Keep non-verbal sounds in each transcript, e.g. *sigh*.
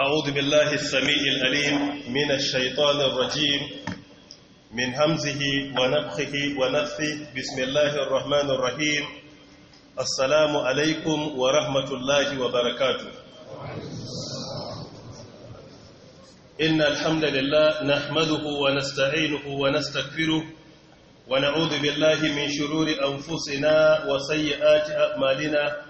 أعوذ بالله السميع الأليم من الشيطان الرجيم من همزه ونفخه ونفثه بسم الله الرحمن الرحيم السلام عليكم ورحمة الله وبركاته إن الحمد لله نحمده ونستعينه ونستغفره ونعوذ بالله من شرور أنفسنا وسيئات أعمالنا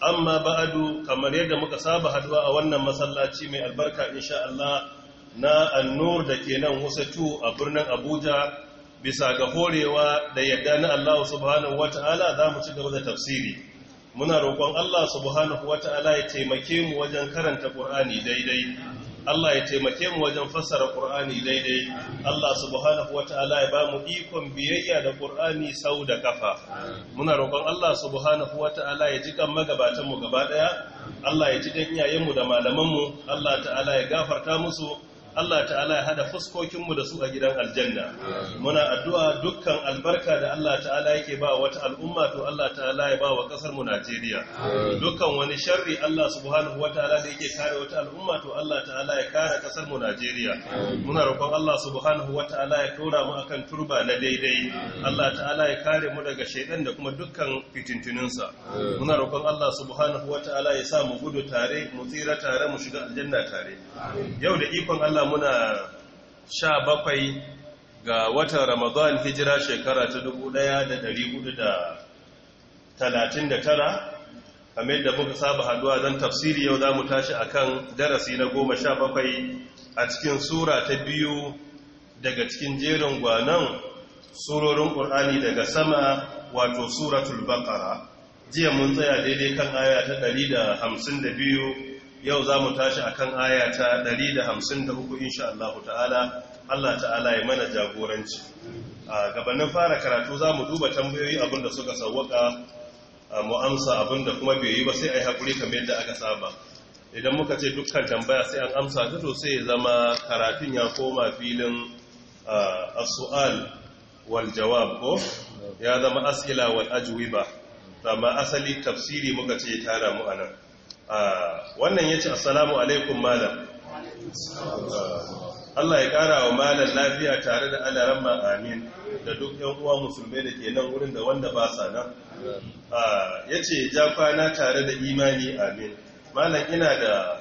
amma ba'adu kamar yadda muka saba haduwa a wannan masallaci mai albarka insha Allah na annur da ke nan wasatu a birnin Abuja bisa ga horewa da yadda na Allah subhanahu wata'ala za mu ci gaba da tafsiri muna roƙon Allah subhanahu wata'ala ya taimake mu wajen karanta Qur'ani daidai Allah ya taimake mu wajen fassara Qur'ani daidai Allah subhanahu wataala ya bamu ikon biyayya da Qur'ani sau da kafa muna roƙon Allah subhanahu wataala ya ji kan magabatan mu gaba daya Allah ya ji dan iyayen mu da malaman mu Allah ta'ala ya gafarta musu Allah ta'ala ya hada fuskokinmu da su a gidan aljanna muna addu'a dukkan albarka da Allah ta'ala yake ba wata al'umma to Allah ta'ala ya ba wa kasar mu Najeriya dukkan wani sharri Allah subhanahu wataala da yake kare wata al'umma to Allah ta'ala ya kare kasar mu Najeriya muna roƙon Allah subhanahu wataala ya tura mu akan turba na daidai Allah ta'ala ya kare mu daga shaidan da kuma dukkan fitintuninsa muna roƙon Allah subhanahu wataala ya sa mu gudu tare mu tsira tare mu shiga aljanna tare yau da ikon Allah muna sha bakwai ga watan ramadan hijira shekara ta dubu da da dari hudu da talatin da tara, kamar da muka saba haduwa don tafsiri yau za mu tashi kan darasi na goma sha bakwai a cikin sura ta biyu daga cikin jerin gwanon surorin ƙur'ani daga sama wato suratul baƙara jiya mun tsaya daidai kan aya ta ɗari da hamsin da biyu. yau za mu tashi a kan aya ta 153 insha Allah ta'ala Allah ta'ala ya mana jagoranci a gabanin fara karatu za mu duba tambayoyi abinda suka sauwaka mu amsa abinda kuma bai yi ba sai a yi haƙuri kamar yadda aka saba idan muka ce dukkan tambaya sai an amsa ta to sai ya zama karatun ya koma filin as-su'al wal jawab ko ya zama as'ila wal ajwiba amma asali tafsiri muka ce tara mu anan wannan ya ce assalamu alaikum malam Allah ya kara wa malam lafiya tare da alaran amin da duk yan uwa musulmai da ke nan wurin da wanda ba sa nan ya ce ja kwana tare da imani amin malam ina da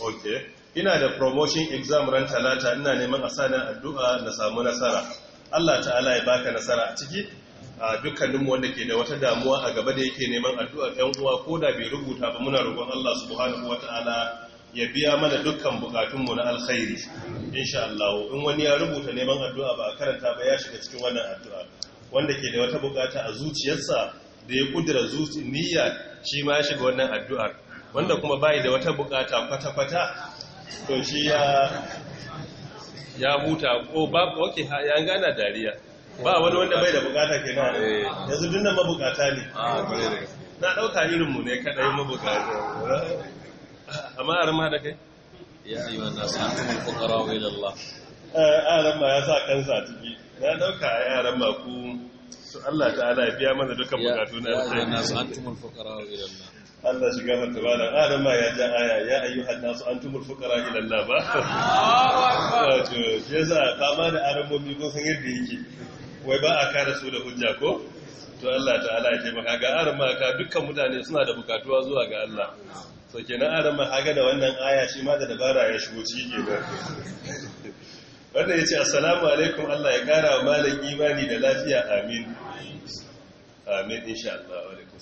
ok ina da promotion exam ran talata ina neman a sanar addu'a na samu nasara Allah ta'ala ya baka nasara a ciki a dukkaninmu wanda ke da wata damuwa a gaba da yake neman addu'ar ‘yan uwa ko da bai rubuta ba muna roƙon Allah subhanahu wata'ala ya biya mana dukkan bukatunmu na alkhairi insha Allah in wani ya rubuta neman addu'a ba a karanta ba ya shiga cikin wannan addu'a wanda ke da wata bukata a zuciyarsa da ya kudura zuci niyya shi ma ya shiga wannan addu'ar wanda kuma bai da wata bukata kwata-kwata to shi ya ya huta ko babu wake ya gana dariya ba wani wanda bai da bukata ke eh. nan yanzu dinnan mabukata ne ah, na ɗauka irinmu ne kaɗai mabukata ah, amma a rama da kai ya yi wa nasu mai fukara wa ilallah eh, a ma ya sa kansa ciki na ɗauka a yaran ma ku su Allah ta'ala ya biya mana dukkan bukatu na alkhairi na yi wa nasu antumul fukara wa ilallah Allah shiga mata ba da ƙarin ma ya ja aya ya ayyu su an tumur fukara ilallah *laughs* ba. Wato, shi yasa kama da arabomi kun san yadda yake. wai ba a kare su da hujja ko to Allah ta'ala ya taimaka ga arama ka dukkan mutane suna da bukatuwa zuwa ga Allah so kenan arama haga da wannan aya shi ma da dabara ya shigo cike da wanda yace assalamu alaikum Allah ya kara wa malam imani da lafiya amin amin insha Allah wa alaikum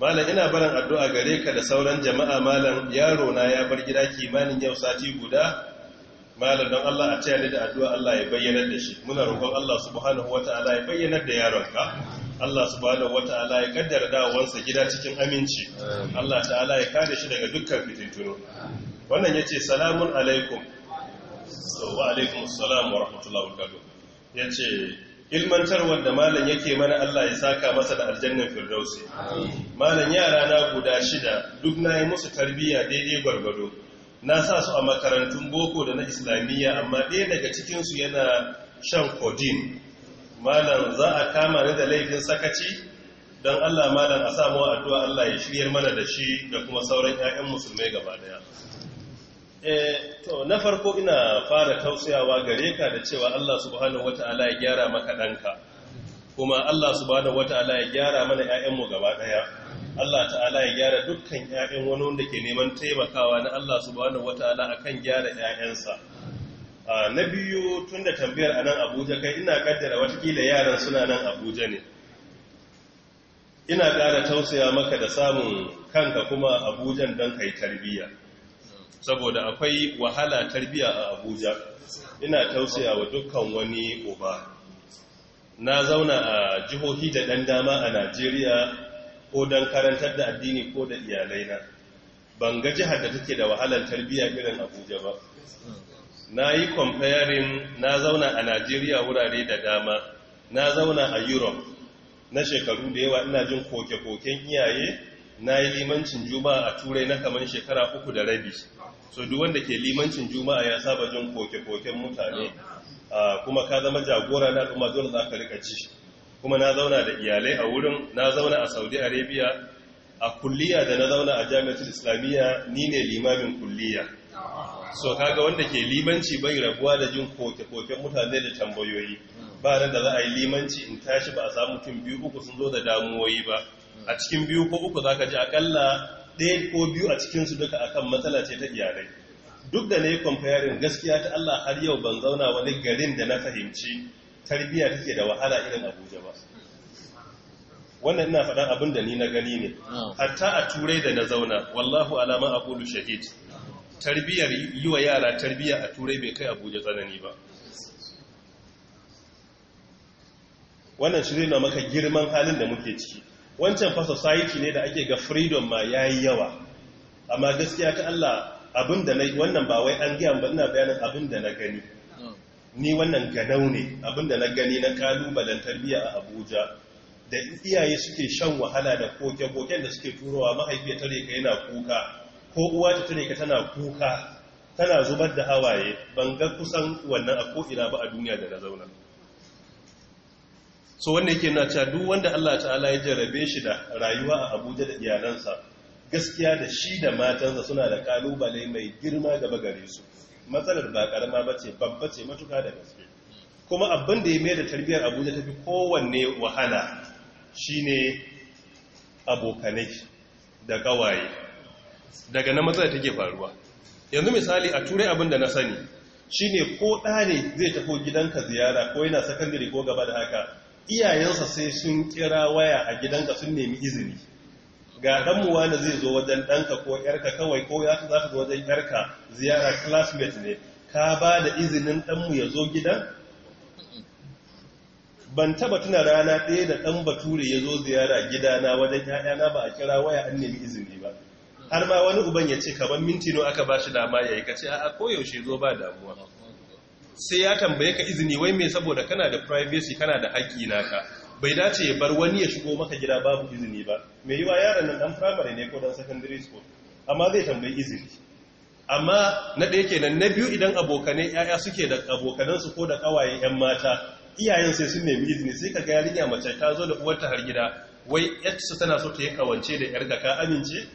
malam ina barin addu'a gare ka da sauran jama'a malam yaro na ya bar gida kimanin yau sati guda malam don Allah a tayar da addu'a Allah ya bayyana da shi muna roƙon Allah subhanahu wata'ala ya bayyana da yaronka Allah subhanahu wata'ala ya kaddara dawowansa gida cikin aminci Allah ta'ala ya kare shi daga dukkan fitintunu wannan yace salamun alaikum wa alaikum assalam wa rahmatullahi wa barakatuh yace ilmantarwar da malam yake mana Allah ya saka masa da aljannan firdausi malam yara na guda shida duk nayi musu tarbiyya daidai gwargwado na sa su a makarantun boko da na islamiyya amma ɗaya daga cikinsu yana shan kodin malam za a kama ni da laifin sakaci don allah malam a samu addu'a allah ya shiryar mana da shi da kuma sauran 'ya'yan musulmai gaba daya eh, to na farko ina fara tausayawa gare ka da cewa allah subhanahu wata'ala ya gyara maka ɗanka kuma allah subhanahu wata'ala ya gyara mana 'ya'yanmu gaba daya Allah ta'ala ya gyara dukkan ‘ya'yan wani wanda ke neman taimakawa na Allah subhanahu wa akan a kan gyara ‘ya'yansa. Na biyu tun da tambayar a nan Abuja kai ina kaddara watakila yaran suna nan Abuja ne. Ina ƙara tausaya maka da samun kanka kuma Abuja don kai tarbiyya. Saboda akwai wahala tarbiyya a Abuja, ina tausaya wa dukkan wani uba. Na zauna a jihohi da ɗan dama a Najeriya ko don karantar da addini ko da iyalai na ban ga jihar da take da wahalar tarbiyya irin abuja ba na yi comparing na zauna a najeriya wurare da dama na zauna a europe na shekaru da yawa ina jin koke-koken iyaye na yi limancin juma'a a turai na kamar shekara uku da rabi so duk wanda ke limancin juma'a ya saba jin koke-koken mutane ah, kuma ka zama jagora na kuma dole za ka rika ci kuma na zauna da iyalai a wurin na zauna a saudi arabia a kulliya da na zauna a jami'atul islamiyya ni ne limamin kulliya so kaga wanda ke limanci bai rabuwa da jin koke-koken mutane da tambayoyi ba ran da za a yi limanci in tashi ba a samu mutum biyu uku sun zo da damuwoyi ba a cikin biyu ko uku za ka ji akalla ɗaya ko biyu a cikinsu duka akan matsala ce ta iyalai duk da na yi kwamfayarin gaskiya ta Allah har yau ban zauna wani garin da na fahimci tarbiyya take da wahala irin abuja ba wannan ina faɗan abin da ni na gani ne hatta a turai da na zauna wallahu alama aqulu shahid tarbiyar yi wa yara tarbiya a turai bai kai abuja tsanani ba wannan shirin na maka girman halin da muke ciki wancan fa society ne da ake ga freedom ma yayi yawa amma gaskiya ta Allah da na wannan ba wai an gaya ba ina bayanin da na gani ni wannan ganau ne da na gani na kalubalen tarbiyya a Abuja da iyaye suke shan wahala da koke-koken da suke turowa mahaifiyar tare ka yana kuka ko uwa ta tare ka tana kuka tana zubar da hawaye ban ga kusan wannan a ko'ina ba a duniya da na zauna so wanda yake na cewa duk wanda Allah ta'ala ya jarabe shi da rayuwa a Abuja da iyalansa gaskiya da shi da matansa suna da kalubale mai girma gaba gare su matsalar ba karama ce, babba ce matuka da gaske kuma abin da ya mai da tarbiyyar Abuja ta fi kowanne wahala Shi ne abokanai da kawaye daga na matsala take faruwa yanzu misali a turai abin da na sani shi ne ko ɗa ne zai tafi gidanka ziyara ko yana sakandare ko gaba da haka iyayensa sai sun kira waya a gidanka sun nemi izini ga ɗanmuwa da zai zo wajen ɗanka ko ‘yarka kawai ko ya za ka zo wajen ‘yarka ziyara classmate ne ka ba da izinin ɗanmu ya zo gidan ban taba tuna rana ɗaya da ɗan bature ya zo ziyara gidana wajen ƴaƴana ba a kira waya an nemi izini ba har ma wani uban ya ce kaban minti no aka bashi dama ya yi kace a koyaushe zo ba damuwa sai ya tambaye ka izini wai me saboda kana da privacy kana da haƙƙi naka bai dace ya bar wani ya shigo maka gida babu izini ba mai yiwa yaron nan dan primary ne ko dan secondary school amma zai tambayi izini amma na ɗaya kenan na biyu idan abokanai 'ya'ya suke da abokanansu ko da ƙawayen 'yan mata iyayen sai sun nemi izini sai ka ga yarinya mace ta zo da uwarta har gida wai yarsu tana so ta yi kawance da da ka amince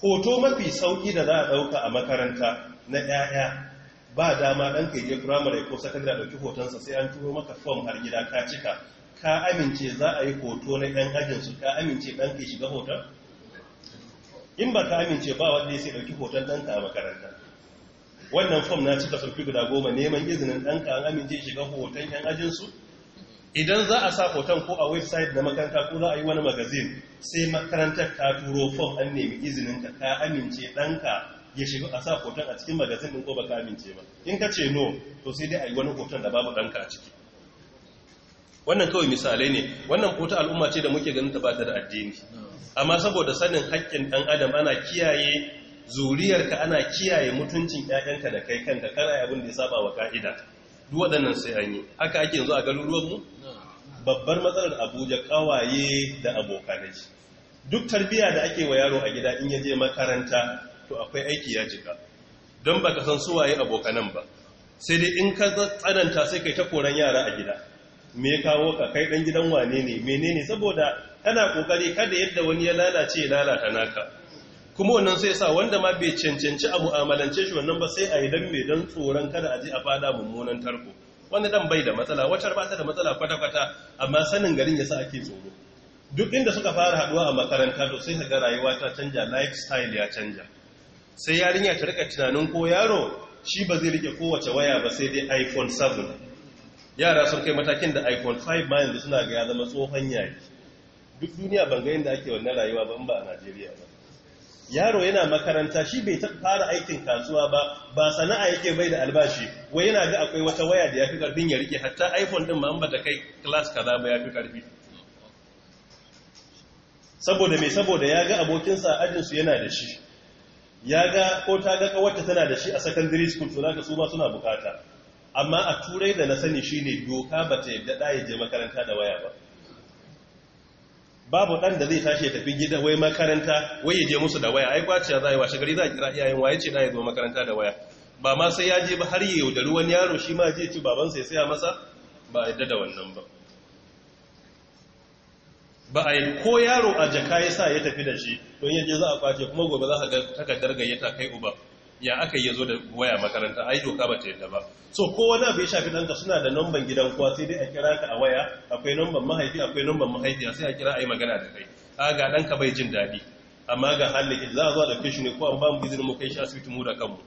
hoto mafi sauki da za a ɗauka a makaranta na 'ya'ya ba dama ɗan ka je firamare ko sakandare ɗauki hotonsa sai an turo maka fom har gida ka cika ka amince za a yi hoto na 'yan ajinsu ka amince ɗan ka shiga hoton in ba ka amince ba wanda ya sai ɗauki hoton ɗanka a makaranta wannan fom na cika sun fi guda goma neman izinin ɗanka an amince shiga hoton ‘yan ajinsu idan za a sa hoton ko a website na makaranta ko za a yi wani magazin sai makarantar ta turo fom an nemi izinin ka ka amince ɗanka ya shiga a sa hoton a cikin magazin ɗin ko ba ka amince ba in ka ce no to sai dai a yi wani hoton da babu ɗanka a ciki wannan kawai misalai ne wannan kota al'umma ce da muke ganin ta ba ta da addini amma saboda sanin haƙƙin ɗan adam ana kiyaye zuriyarka ana kiyaye mutuncin ƴaƴanka da kai kanka kana abin da ya saba wa ka'ida duk waɗannan sai an yi haka ake yanzu a mu babbar matsalar abuja kawaye da abokanai duk tarbiya da ake wa yaro a gida in ya je makaranta to akwai aiki ya jika don baka san su waye abokanan ba sai dai in ka tsananta sai kai ta koran yara a gida me kawo ka kai dan gidan wane ne menene saboda kana kokari kada yadda wani ya lalace ya lalata naka kuma wannan sai sa wanda ma bai cancanci a mu'amalance shi wannan ba sai a yi dan mai dan tsoron kada a ji a fada mummunan tarko wanda dan bai da matsala wacar ba ta da matsala kwata-kwata amma sanin garin ya yasa ake tsoro duk inda suka fara haduwa a makaranta to sai ga rayuwa ta canja lifestyle ya canja sai yarinya ta rika tunanin ko yaro shi ba zai rike kowace waya ba sai dai iPhone 7 yara sun kai matakin da iPhone 5 ma yanzu suna ga ya zama tsohon yayi duk duniya ban ga ake wannan rayuwa ban ba a Najeriya ba yaro yana makaranta shi bai fara aikin kasuwa ba ba sana'a yake bai da albashi wai yana ga akwai wata waya da ya fi karfin ya rike hatta iPhone din ma da kai class kaza ba fi karfi saboda me saboda ya ga abokinsa ajin su yana da shi ya ga ko ta ga kawarta tana da shi a secondary school to zaka su ma suna bukata amma a turai da na sani shine doka bata yadda da je makaranta da waya ba babu dan da zai tashi ya tafi gida wai makaranta wai ya je musu da waya ai kwaciya zai washe gari za kira iyayen waye ce da ya makaranta da waya ba ma sai ya je ba har yau da ruwan yaro shi ma je ci babansa ya saya masa ba yadda da wannan ba ba a ko yaro a jaka ya sa ya tafi da shi don yaje za a kwace kuma gobe za ka ga takardar gayyata kai uba ya aka yi zo da waya makaranta ai doka ba ta yadda ba so ko wani abu ya shafi danka suna da namban gidan kuwa sai dai a kira ka a waya akwai namban mahaifi akwai namban mahaifiya sai a kira a yi magana da kai a ga danka bai jin daɗi amma ga halin za a zo da kai ne ko an ba mu izini mu kai shi asibiti mu da kanmu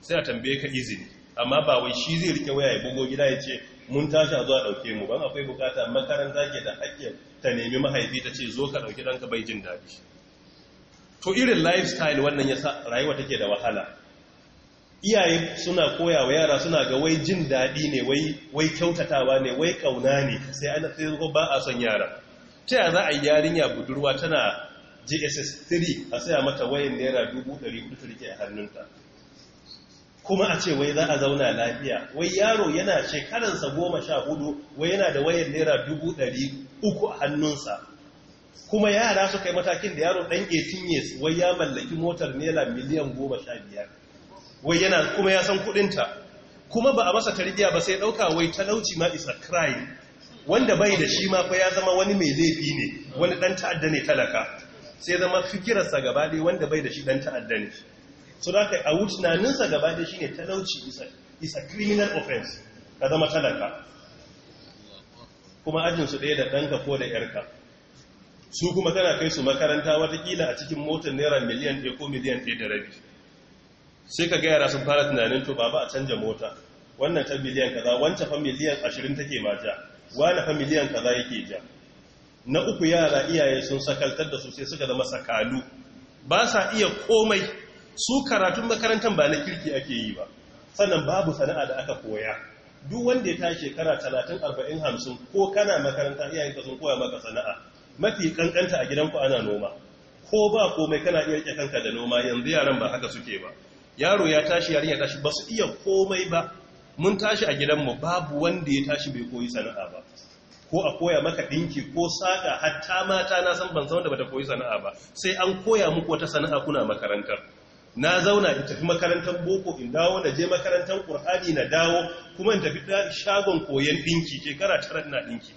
sai a tambaye ka izini amma ba wai shi zai rike waya ya bugo gida ya ce mun tashi a zo a ɗauke mu ban akwai bukata makaranta ke da hakkin ta nemi mahaifi ta ce zo ka ɗauki danka bai jin daɗi to irin lifestyle wannan ya sa rayuwa take da wahala iyaye suna koya wa yara suna ga wai jin daɗi ne wai kyautatawa ne wai ƙauna ne sai ana sai ba a son yara ta yaya za a yi yarinya budurwa tana jss 3 a saya mata wayan naira 400 rike a hannunta kuma a ce wai za a zauna lafiya wai yaro yana shekaransa goma sha hudu wai yana da wayan naira dubu ɗari a hannunsa kuma yara suka yi matakin da yaro ɗan 18 years wai ya mallaki motar naira miliyan goma sha biyar wai yana kuma ya san kudinta kuma ba a masa tarbiya ba sai dauka wai talauci ma is a crime wanda bai da shi ma fa ya zama wani mai laifi ne wani dan ta'adda ne talaka sai zama fikirarsa gaba dai wanda bai da shi dan ta'adda ne so da kai a sa gaba dai shine talauci is a criminal offense ka zama talaka kuma ajin su ɗaya da danka ko da ‘yarka su kuma tana kai su makaranta wata watakila a cikin motar naira miliyan ɗaya ko miliyan ɗaya da rabi sai ka gaya yara sun fara tunanin to ba a canja mota wannan ta miliyan kaza wancan fa miliyan 20 take ma ja wani fa miliyan kaza yake ja na uku yara iyaye sun sakaltar da su sai suka zama sakalu ba sa iya komai su karatun makarantar ba na kirki ake yi ba sannan babu sana'a da aka koya duk wanda ya tashi shekara 30 40 hamsin, ko kana makaranta iyayenka sun koya maka sana'a mafi kankanta a gidanku ana noma ko ba komai kana iya rike kanka da noma yanzu yaran ba haka suke ba yaro ya tashi yari ya tashi ba su iya komai ba mun tashi a gidanmu babu wanda ya tashi bai koyi sana'a ba ko a koya maka ɗinki ko saƙa hatta mata na san ban da bata koyi sana'a ba sai an koya muku wata sana'a kuna makarantar na zauna in tafi makarantar boko in dawo na je makarantar ƙur'ani na dawo kuma in tafi shagon koyon ɗinki shekara tara na ɗinki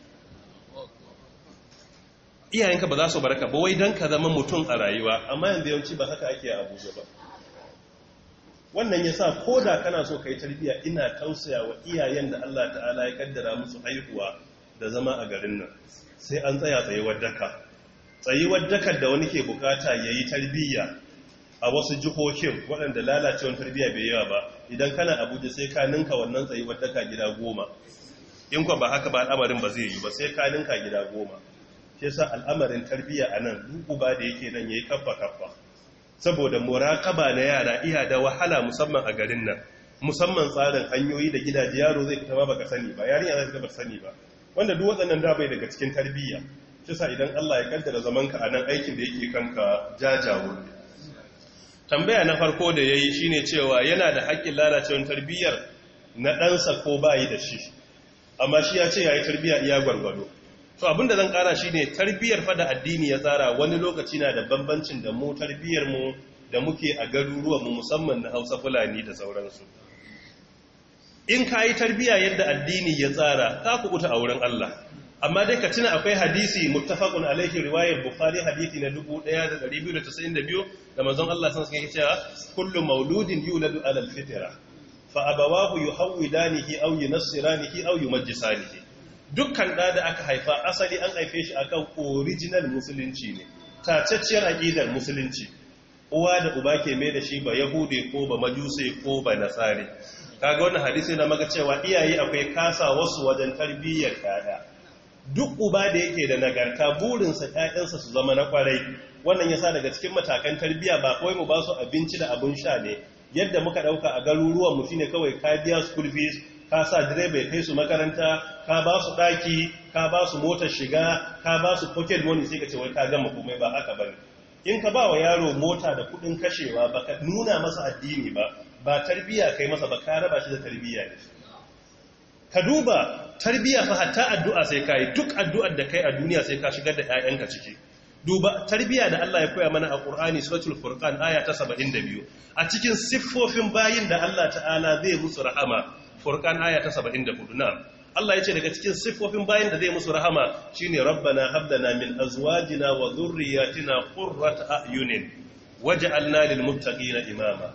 iyayenka ba za su baraka ba wai don ka zama mutum a rayuwa amma yanzu yawanci ba haka ake a abuja ba wannan ya sa ko da kana so ka yi tarbiya ina tausaya wa iyayen da Allah ta'ala ya kaddara musu haihuwa da zama a garin nan sai an tsaya tsayuwar daka tsayuwar dakar da wani ke bukata ya yi tarbiya a wasu jihohin waɗanda lalacewar tarbiya bai yawa ba idan kana abuja sai ka ninka wannan tsayuwar daka gida goma in kwa ba haka ba al'amarin ba zai yi ba sai ka ninka gida goma shi sa al'amarin tarbiyya a nan duk uba da yake nan ya yi kaffa kaffa saboda muraƙaba na yara iya da wahala musamman a garin nan musamman tsarin hanyoyi da gidaje yaro zai fita ba baka sani ba yarinya zai fita ba sani ba wanda duk waɗannan da bai daga cikin tarbiyya shi sa idan Allah ya kaddara zamanka a nan aikin da yake kanka jajawo tambaya na farko da yayi shine cewa yana da haƙƙin lalacewar tarbiyyar na ɗansa ko bayi da shi amma shi ya ce yayi tarbiyya iya gwargwado so abinda zan kara ne, tarbiyar fada addini ya tsara wani lokaci na da bambancin da mu tarbiyar mu da muke a garuruwan mu musamman na Hausa Fulani da sauransu in kayi tarbiya yadda addini ya tsara ka kubuta a wurin Allah amma dai ka tuna akwai hadisi muttafaqun alaihi riwayar bukhari hadisi na 1292 da manzon Allah san suke cewa kullu mauludin yuladu ala alfitra fa abawahu yuhawidanihi aw yunsiranihi aw yumajjisanihi dukkan da da aka haifa asali an haife shi akan original musulunci ne tacacciyar aqidar musulunci uwa da uba ke mai da shi ba yahude ko ba majuse ko ba nasare kaga wannan hadisi na maka cewa iyaye akwai kasa wasu wajen tarbiyyar kada duk uba da yake da nagarta burinsa 'ya'yansa su zama na kwarai wannan yasa daga cikin matakan tarbiyya ba kawai mu ba su abinci da abun sha ne yadda muka ɗauka a garuruwan mu shine kawai ka biya school fees ka sa direba ya kai su makaranta ka ba su ɗaki ka ba su motar shiga ka ba su pocket money sai ka ce wai ka gama komai ba haka bane in ka ba wa yaro mota da kuɗin kashewa ba ka nuna masa addini ba ba tarbiya kai masa ba ka raba shi da tarbiya ne ka duba tarbiya fa hatta addu'a sai kai duk addu'ar da kai a duniya sai ka shigar da 'ya'yanka ciki duba tarbiya da Allah ya koya mana a Qur'ani suratul Furqan aya ta 72 a cikin siffofin bayin da Allah ta'ala zai musu rahama furkan aya ta 74 na Allah ya ce daga cikin siffofin bayan da zai musu rahama shine rabbana habdana min azwajina wa zurriyatina qurrata a'yunin waj'alna lil na imama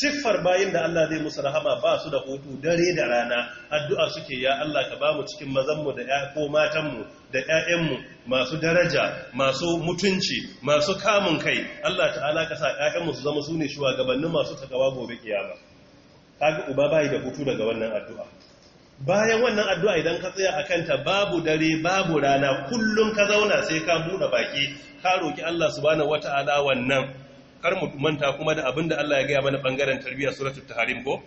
siffar bayan da Allah zai musu rahama ba su da hutu dare da rana addu'a suke ya Allah ka ba mu cikin mazanmu da ya ko matanmu da ‘ya'yanmu masu daraja masu mutunci masu kamun kai Allah ta'ala ka sa ‘ya'yanmu su zama su ne shugabannin masu takawa gobe kiyama kaga uba bai da hutu daga wannan addu'a bayan wannan addu'a idan ka tsaya a kanta babu dare babu rana kullum ka zauna sai ka buɗe baki ka roki Allah subhanahu wata'ala wannan kar mu manta kuma da abinda Allah ya gaya mana bangaren tarbiyya suratul tahrim ko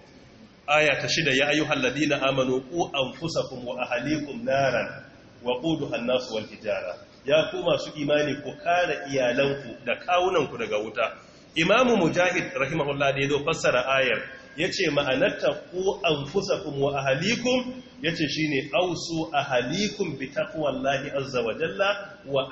aya ta shida ya ayyuhal ladina amanu qu anfusakum wa ahlikum naran wa quduha an-nas wal hijara ya ku masu imani ku kare iyalanku da kawunanku daga wuta imamu mujahid rahimahullah da yazo fassara ayar Ya yace ma'anarta fusa kun wa ahlikum yace shine ausu ahalikun bi taqwallahi azza wa jalla wa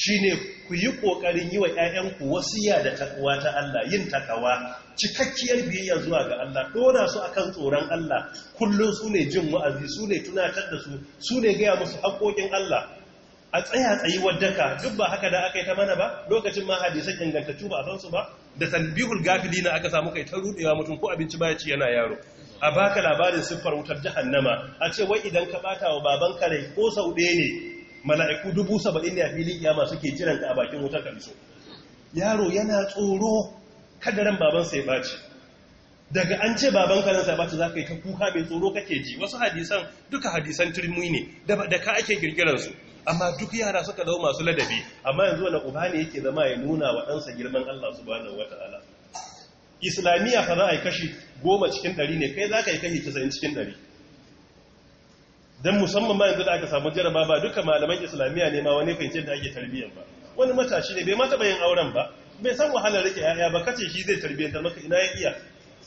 Shi ne ku yi kokarin yi wa wasu wasiya da takuwa ta Allah yin takawa cikakkiyar biyayya zuwa ga Allah dora su akan tsoron Allah Kullum su ne jin wa'azi su ne tunatar da su su ne gaya musu haƙoƙin Allah a tsaya tsayi wadaka duk ba haka da aka yi ta mana ba lokacin ma hadisan ingantattu ba a san su ba da tanbihul na aka samu kai ta rudewa mutum ko abinci baya ci yana yaro a baka labarin siffar wutar jahannama a ce wai idan ka bata wa baban kare ko sau ɗaya ne mala'iku dubu saba'in ne a filin kiyama suke jiran ka a bakin wutar kamso yaro yana tsoro kadaran baban sai baci daga an ce baban karen sai baci za yi ta kuka mai tsoro kake ji wasu hadisan duka hadisan turmi ne da ka ake su amma duk yara suka zama masu ladabi amma yanzu wani uba ne yake zama ya nuna wa ɗansa girman Allah wata ala. islamiyya fa za a yi kashi goma cikin ɗari ne kai za ka yi kashi casa'in cikin ɗari don musamman ma yanzu da aka samu jaraba ba duka malaman islamiyya ne ma wani fahimci da ake tarbiyyar ba wani matashi ne bai mata bayan auren ba bai san wahalar rike yaya ba kace shi zai tarbiyyar maka ina ya iya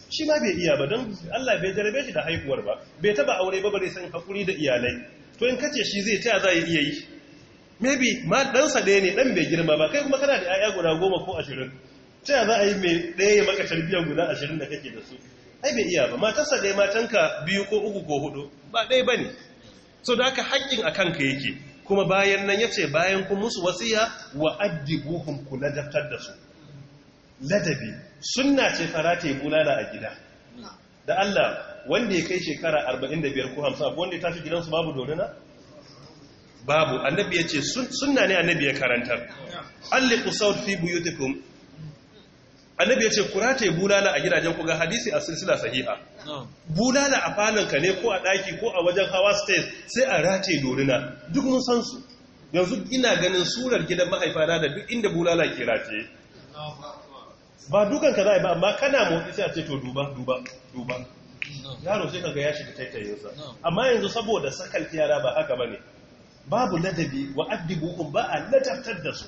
shi ma bai iya ba don Allah bai jarabe shi da haihuwar ba bai taba aure ba bare san hakuri da iyalai to in kace shi zai taya zai iya yi maybe ma ɗansa ɗaya ne ɗan bai girma ba kai kuma kana da 'ya'ya guda goma ko ashirin ta za a yi mai ɗaya ya maka tarbiyyar guda ashirin da kake da su ai bai iya ba matarsa ɗaya matanka biyu ko uku ko hudu ba ɗaya bane ne so da aka haƙƙin a kanka yake kuma bayan nan ya ce bayan kun musu wasiya wa addibuhum ku ladabtar da su ladabi sunna ce fara ta bulala a gida da Allah wanda ya kai shekara 45 ko 50 wanda ya tashi gidansu babu dorina babu annabi ya ce sunna ne annabi ya karantar alliqu sawt fi buyutikum annabi ya ce ku rataye bulala a gidajen ku ga hadisi a silsila sahiha bulala a falonka ne ko a daki ko a wajen hawa stairs sai a rataye dorina duk mun san su yanzu ina ganin surar gidan mahaifana da duk inda bulala ke rataye ba dukan ka za a yi ba amma kana motsi sai a ce to duba duba duba yaro sai kaga ya shiga taitayinsa amma yanzu saboda sakal yara ba haka ne, babu ladabi wa addibukum ba a ladabtar da su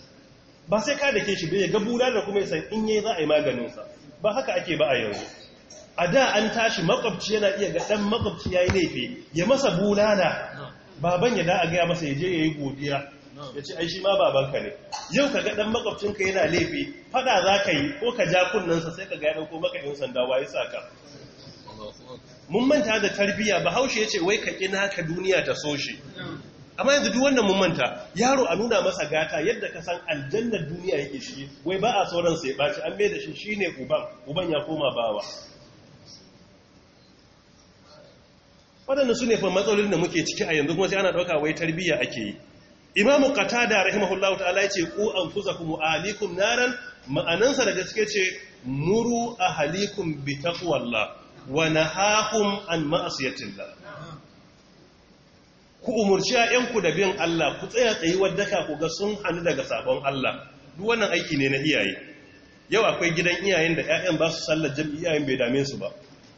ba sai ka ke shi bai ga bura da kuma san in yayi za a yi maganin sa ba haka ake ba a yanzu a da an tashi makwabci yana iya ga dan makwabci yayi laifi ya masa bulala baban ya da a ga masa ya je yayi godiya ya ce ai shi ma babanka ne yau ka ga dan makwabcinka yana laifi fada za ka yi ko ka ja kunnansa sai ka ga ya dauko maka yan sanda waye saka mun manta da tarbiyya bahaushe ya ce wai ka na ka duniya ta so shi amma yanzu duk wannan mun manta yaro a nuna masa gata yadda ka san aljannar duniya yake shi wai ba a sauran sai ba shi an mai da shi shi ne uban uban ya koma bawa waɗanda su ne fa matsalolin da muke ciki a yanzu kuma sai ana ɗauka wai tarbiyya ake yi imamu qatada rahimahullahu ta'ala ya ce ku anfusakum wa naran ma'anansa da gaske ce muru ahalikum bi taqwallah wa nahahum an ma'asiyatillah ku umurci ku da bin Allah ku tsaya tsayi ka ku ga sun hannu daga sabon Allah duk wannan aiki ne na iyaye yau akwai gidan iyayen da 'ya'yan ba su sallar jami'i iyayen bai dame su ba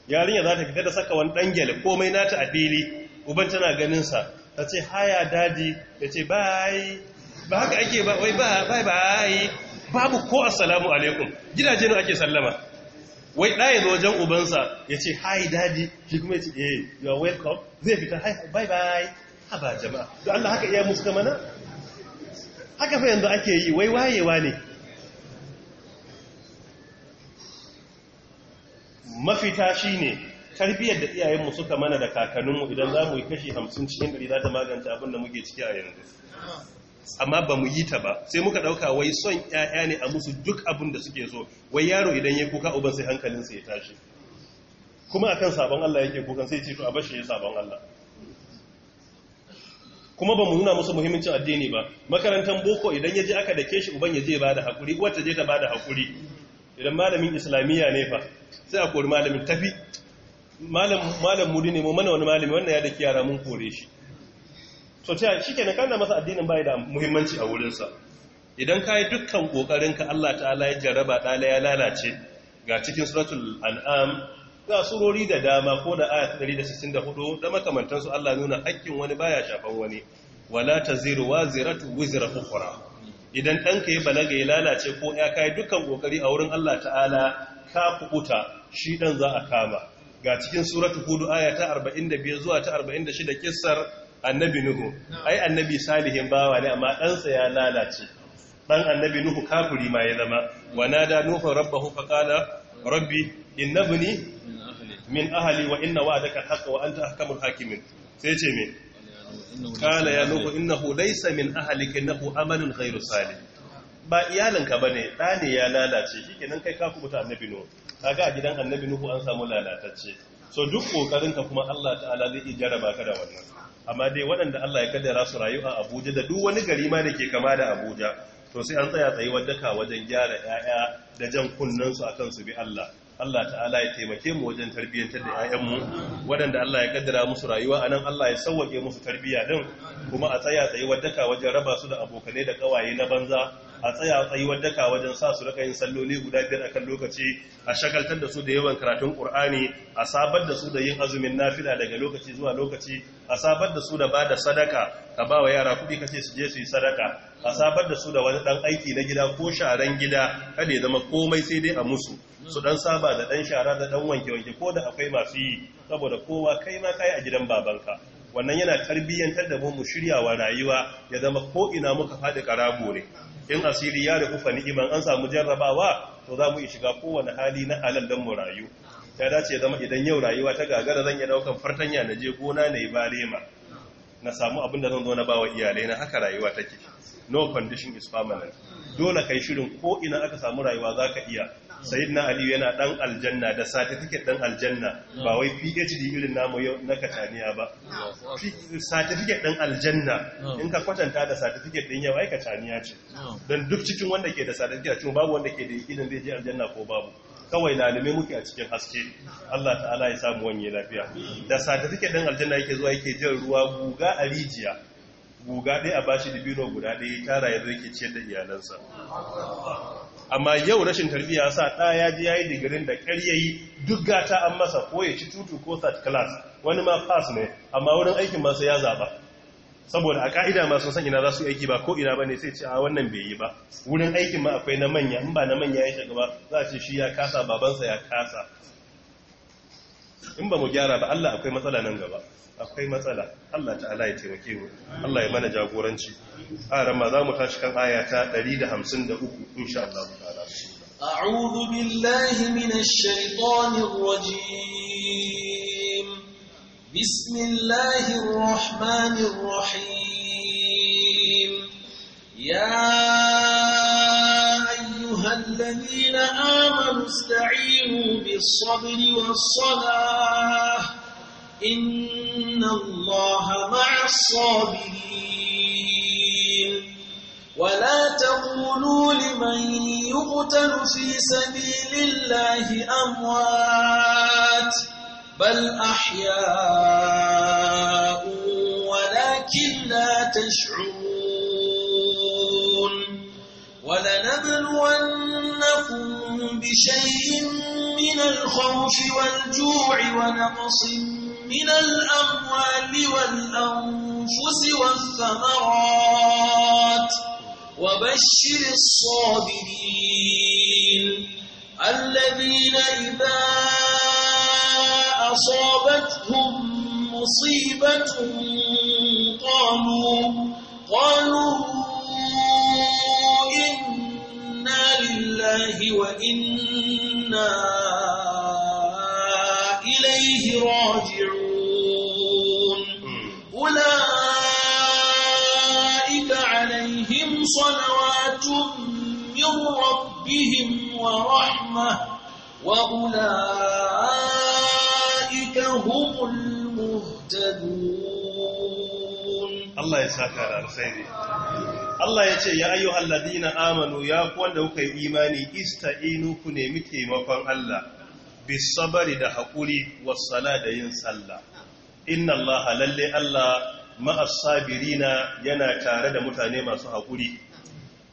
yarinya za ta fita da saka wani ɗan gyale komai nata a fili uban tana ganinsa. sa ta ce haya dadi ya ce bye ba haka ake ba wai bye babu ko assalamu alaikum gidaje ne ake sallama wai ɗa ya zo wajen ubansa ya ce hi daddy shi kuma ya ce eh you are welcome zai fita hi bye bye ha ba jama'a don Allah haka iya musu mana haka fa yanzu ake yi wai wayewa ne mafita shi ne tarbiyyar da iyayenmu suka mana da kakanninmu idan za mu yi kashi hamsin cikin ɗari za ta magance abin da muke ciki a yanzu amma ba mu yi ta ba sai muka ɗauka wai son ‘ya'ya ne a musu duk abin da suke so wai yaro idan ya kuka uban sai hankalinsa ya tashi kuma akan sabon Allah yake kukan sai ce to a bashi ya sabon Allah kuma ba mu nuna musu muhimmancin addini ba makarantar boko idan ya je aka da keshi uban ya je ba da uwar wata je ta ba da haƙuri idan malamin islamiyya ne fa sai a kori malamin tafi malam mudi ne mu mana wani malami wannan ya da yara mun kore shi so ta shi na kana masa addinin bai da muhimmanci a wurinsa idan ka yi dukkan ƙoƙarinka Allah ta'ala ya jaraba ɗala ya lalace ga cikin suratul Al'am ga surori da dama ko da aya 164 da makamantansu Allah nuna hakkin wani baya shafan wani wala ta wa waziratu wizra ukhra idan ɗanka ya balaga ya lalace ko ya kai dukkan kokari a wurin Allah ta'ala ka kubuta shi ɗan za a kama ga cikin suratul hudu aya ta 45 zuwa ta 46 kissar annabi nuhu ai annabi salihin bawa ne amma ɗansa ya lalace ɗan annabi nuhu kafuri ma ya zama wana da nufin rabbahu qala rabbi innabni min ahali wa inna wa'daka haqqun wa anta ahkamul hakimin sai ce me qala ya nuhu innahu laysa min ahlika innahu amalun ghayru salih ba iyalinka bane da ne ya lalace shikenan kai ka kubuta annabi nuhu kaga a gidan annabi nuhu an samu lalatacce so duk ka kuma Allah ta'ala zai jarraba ka da wannan amma dai waɗanda Allah ya kaddara su rayu a Abuja da duk wani gari ma da ke kama da Abuja to sai an tsaya tsayi wadaka wajen gyara 'ya'ya da jan kunnen su akan su bi Allah Allah ta'ala ya taimake mu wajen tarbiyyantar da 'ya'yanmu waɗanda Allah ya kaddara musu rayuwa anan Allah ya sauwake musu tarbiyya din kuma a tsaya tsayi waddaka wajen raba su da abokane da kawaye na banza a tsaya tsayi waddaka wajen sa su rika yin salloli guda biyar akan lokaci a shagaltar da su da yawan karatun Qur'ani a sabar da su da yin azumin nafila daga lokaci zuwa lokaci a sabar da su da bada sadaka ka ba wa yara kuɗi kace su je su yi sadaka a sabar da su da wani dan aiki na gida ko sharan gida kada ya zama komai sai dai a musu su dan saba da dan shara da dan wanke-wanke ko da akwai masu yi saboda kowa kai ma kai a gidan babanka wannan yana tarbiyyantar da mu mu shiryawa rayuwa ya zama ko ina muka faɗi karabo ne in asiri ya rufu fa ni'iman an samu jarrabawa to za mu yi shiga kowane hali na halal dan mu rayu ya dace ya zama idan yau rayuwa ta gagara zan iya daukan fartanya na je gona na yi barema na samu abin da zan zo na bawa iyalai na haka rayuwa take no condition is permanent dole kai shirin ko ina aka samu rayuwa zaka iya sayyidina ali yana dan aljanna da certificate dan aljanna ba wai phd irin namu yau na kataniya ba certificate dan aljanna in ka kwatanta da certificate din yau ai kataniya ce dan duk cikin wanda ke da certificate cikin babu wanda ke da yakinin zai je aljanna ko babu kawai lalume muke a cikin haske Allah ta'ala ya samu wani lafiya da certificate dan aljanna yake zuwa yake jin ruwa guga a rijiya guga ɗaya a bashi dibino guda ɗaya tara yanzu yake ciyar da iyalansa amma yau rashin tarbiyya sa ɗaya ya ji yayi digirin da karyayi duk gata an masa ko ya ci tutu ko third class wani ma pass ne amma wurin aikin masu ya zaba saboda a ka'ida masu san ina za su aiki ba ko ina ba ne sai ce a wannan bai yi ba wurin aikin ma akwai na manya in ba na manya ya shiga ba za a ce shi ya kasa babansa ya kasa in ba mu gyara ba Allah akwai matsala nan gaba akwai matsala Allah ta'ala ya taimake mu Allah ya mana jagoranci a za mu tashi kan aya ta 153 insha Allah ta'ala a'udhu billahi minash shaitanir rajim bismillahir rahmanir rahim ya ayyuhalladhina amanu ista'inu bis-sabri was-salah إن الله مع الصابرين ولا تقولوا لمن يقتل في سبيل الله أموات بل أحياء ولكن لا تشعرون ولنبلونكم بشيء من الخوف والجوع ونقص من الأموال والأنفس والثمرات وبشر الصابرين الذين إذا أصابتهم مصيبة قالوا قالوا إنا لله وإنا وإليه راجعون hmm. أولئك عليهم صلوات من ربهم ورحمة وأولئك هم المهتدون الله يساك على الخير Allah ya ce ya ayyu alladina amanu ya ku kuka yi imani ista'inu ku nemi taimakon Allah bisabari da haƙuri wasala da yin sallah inna Allah lalle allah ma'asabirina yana tare da mutane masu haƙuri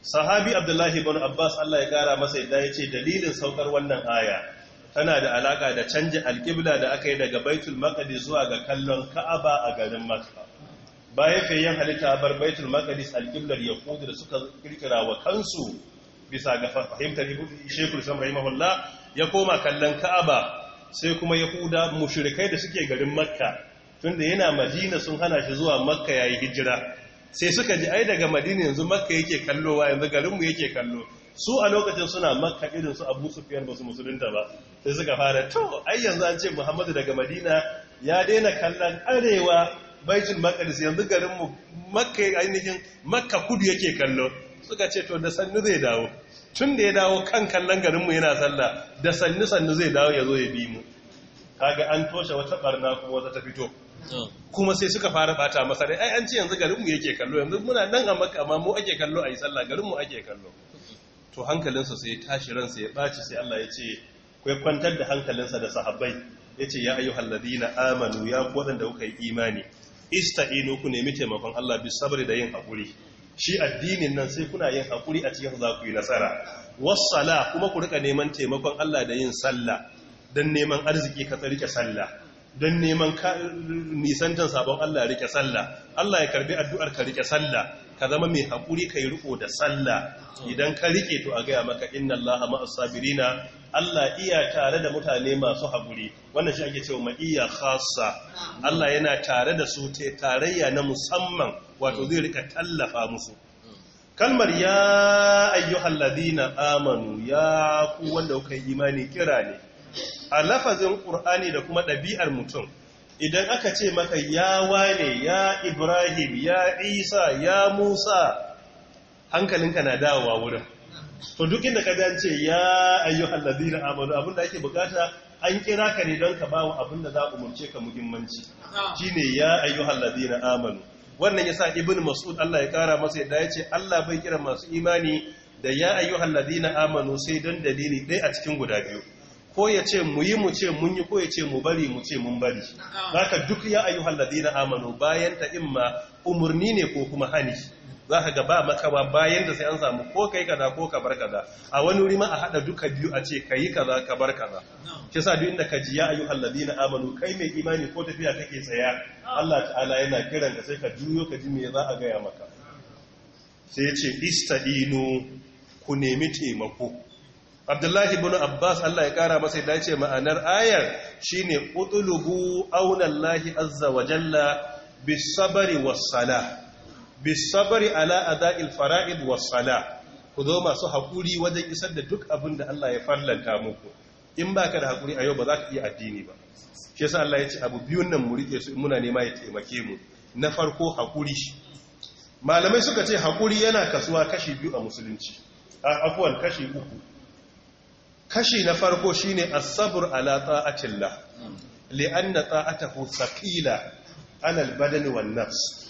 sahabi abdullahi ibn abbas allah ya kara masa yadda ya ce dalilin saukar wannan aya tana da alaka da canji alƙibla da aka yi daga baitul maqdis zuwa ga kallon ka'aba a garin makka bayan fayyan halitta bar baitul maqdis alƙiblar yahudu da suka kirkira wa kansu bisa ga fahimtar shekul islam rahimahullah ya koma kallon ka'aba sai kuma yahuda mushrikai da suke garin makka tunda yana madina sun hana shi zuwa makka yayi hijira sai suka ji ai daga madina yanzu makka yake wa yanzu garinmu yake kallo su a lokacin suna makka irin su abu sufiyan ba su musulunta ba sai suka fara to ai yanzu an ce muhammadu daga madina ya daina kallon arewa baitul maqdis yanzu garinmu makka ainihin makka kudu yake kallo suka ce to da sannu zai dawo tun da ya dawo kan kallon garinmu yana sallah da sannu sannu zai dawo ya zo ya bi mu kaga an toshe wata barna kuma wata ta fito oh. kuma sai suka fara bata masa dai ai an ce yanzu garinmu yake kallo yanzu muna nan a makka amma mu ake kallo a yi sallah garinmu ake kallo to hankalinsa sai tashi ransa ya ɓaci sai Allah ya ce kai kwantar da hankalinsa da sahabbai ce ya ayyuhal na amanu ya ku kuka yi imani ista'inu ku nemi taimakon Allah bi sabri da yin hakuri shi addinin nan sai kuna yin haƙuri a cikin za ku yi nasara wassala kuma ku rika neman taimakon Allah da yin sallah don neman arziki ka rike sallah don neman nisantan sabon Allah rike sallah Allah ya karbi addu'ar ka rike sallah ka zama mai haƙuri ka yi riko da sallah idan ka rike to a gaya maka inna Allah ma'as sabirina Allah iya tare da mutane masu haƙuri wannan shi ake cewa ma'iyya iya khassa Allah yana tare da su tarayya na musamman wato zai rika tallafa musu kalmar ya ayyuhal ladina amanu ya ku wanda kuka yi imani kira ne a lafazin ƙur'ani da kuma ɗabi'ar mutum idan aka ce maka ya wane ya ibrahim ya isa ya musa hankalinka na dawowa wurin to duk inda ka dace ce ya ayyuhal ladina amanu abinda ake bukata an kira ka ne don ka bawo abinda za umurce ka muhimmanci shine ya ayyuhal ladina amanu wannan ya sa ibn mas'ud Allah ya kara masa yadda ya ce Allah bai kira masu imani da ya ayyuhal amanu sai don dalili ɗaya a cikin guda biyu ko ya ce mu yi mu ce mun yi ko ya ce mu bari mu ce mun bari haka duk ya ayyuhal amanu bayan ta imma umurni ne ko kuma hani za ka ga ba makawa bayan da sai an samu ko kai kaza ko ka bar kaza a wani wuri ma a haɗa duka biyu a ce ka yi kaza ka bar kaza shi sa duk inda ka ji ya ayyuhal na amanu kai mai imani ko tafiya kake tsaya Allah ta'ala yana kiran ka sai ka juyo ka ji me za a gaya maka sai ya ce istadinu ku nemi taimako abdullahi ibn abbas allah ya kara masa ya dace ma'anar ayar shine utulubu aunallahi azza wa jalla bisabari wassala bisabari ala ada'il fara'id wa sala ku zo masu hakuri wajen isar da duk abin da Allah ya farlanta muku in ba ka da hakuri a yau ba za ka iya addini ba shi yasa Allah ya ce abu biyun nan mu rike su muna nema ya taimake mu na farko hakuri malamai suka ce hakuri yana kasuwa kashi biyu a musulunci A afwan kashi uku kashi na farko shine as-sabr ala ta'atillah li'anna ta'atahu thaqila ala al-badani wan nafs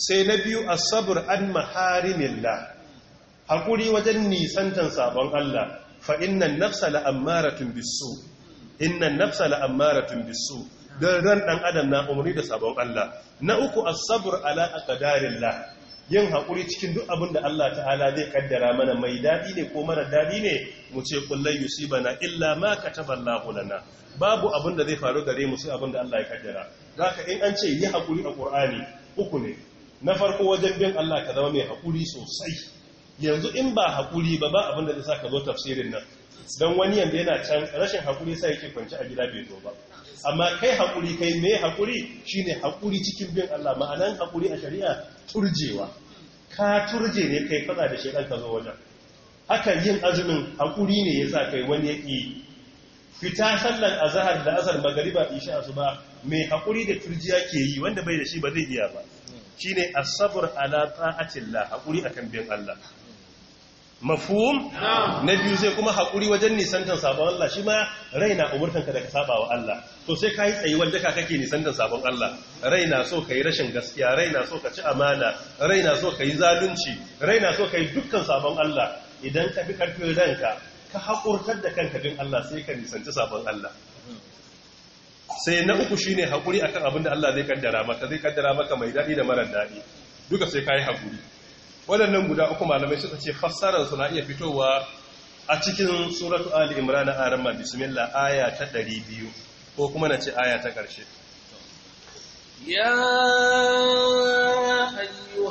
sai na biyu a sabur an maharimillah haƙuri wajen nisantan sabon Allah fa innan nafsa la'ammaratun bisu innan nafsa la'ammaratun bisu don ran ɗan adam na umarni da sabon Allah na uku a sabur ala la yin haƙuri cikin duk abin da Allah ta'ala zai kaddara mana mai daɗi ne ko mara daɗi ne mu ce Yusuf na illa ma taɓa lahulana babu abin da zai faru gare mu sai abin da Allah ya kaddara ka in an ce yi haƙuri a ƙur'ani uku ne na farko wajen bin Allah ka zama mai haƙuri sosai yanzu in ba haƙuri ba ba abin da zai sa ka zo tafsirin nan don wani yanda yana can rashin haƙuri sai yake kwanci a gida bai zo ba amma kai haƙuri kai mai haƙuri shine haƙuri cikin bin Allah ma'anan haƙuri a shari'a turjewa ka turje ne kai fada da shedan ka zo wajen Hakan yin azumin haƙuri ne ya sa kai wani yake fita sallar azhar da azhar magariba isha asuba mai haƙuri da turjiya ke yi wanda bai da shi ba zai iya ba shine as-sabr ala ta'atillah hakuri akan bin Allah mafhum na biyu sai kuma hakuri wajen nisantan sabon Allah shi ma raina umurtan ka da ka saba wa Allah to sai kai tsayi wanda ka kake nisantan sabon Allah Rai na so kai rashin gaskiya raina so ka ci amana Rai na so kai zalunci Rai na so kai dukkan sabon Allah idan ka bi karfin ranka ka hakurtar da kanka bin Allah sai ka nisanci sabon Allah sai na uku shine hakuri akan abin da Allah zai kaddara maka zai kaddara maka mai daɗi da mara daɗi. duka sai kai hakuri waɗannan guda uku malamai suka ce fassarar suna iya fitowa a cikin suratu ali imran a ramma bismillah aya ta 200 ko kuma nace aya ta karshe يا أيها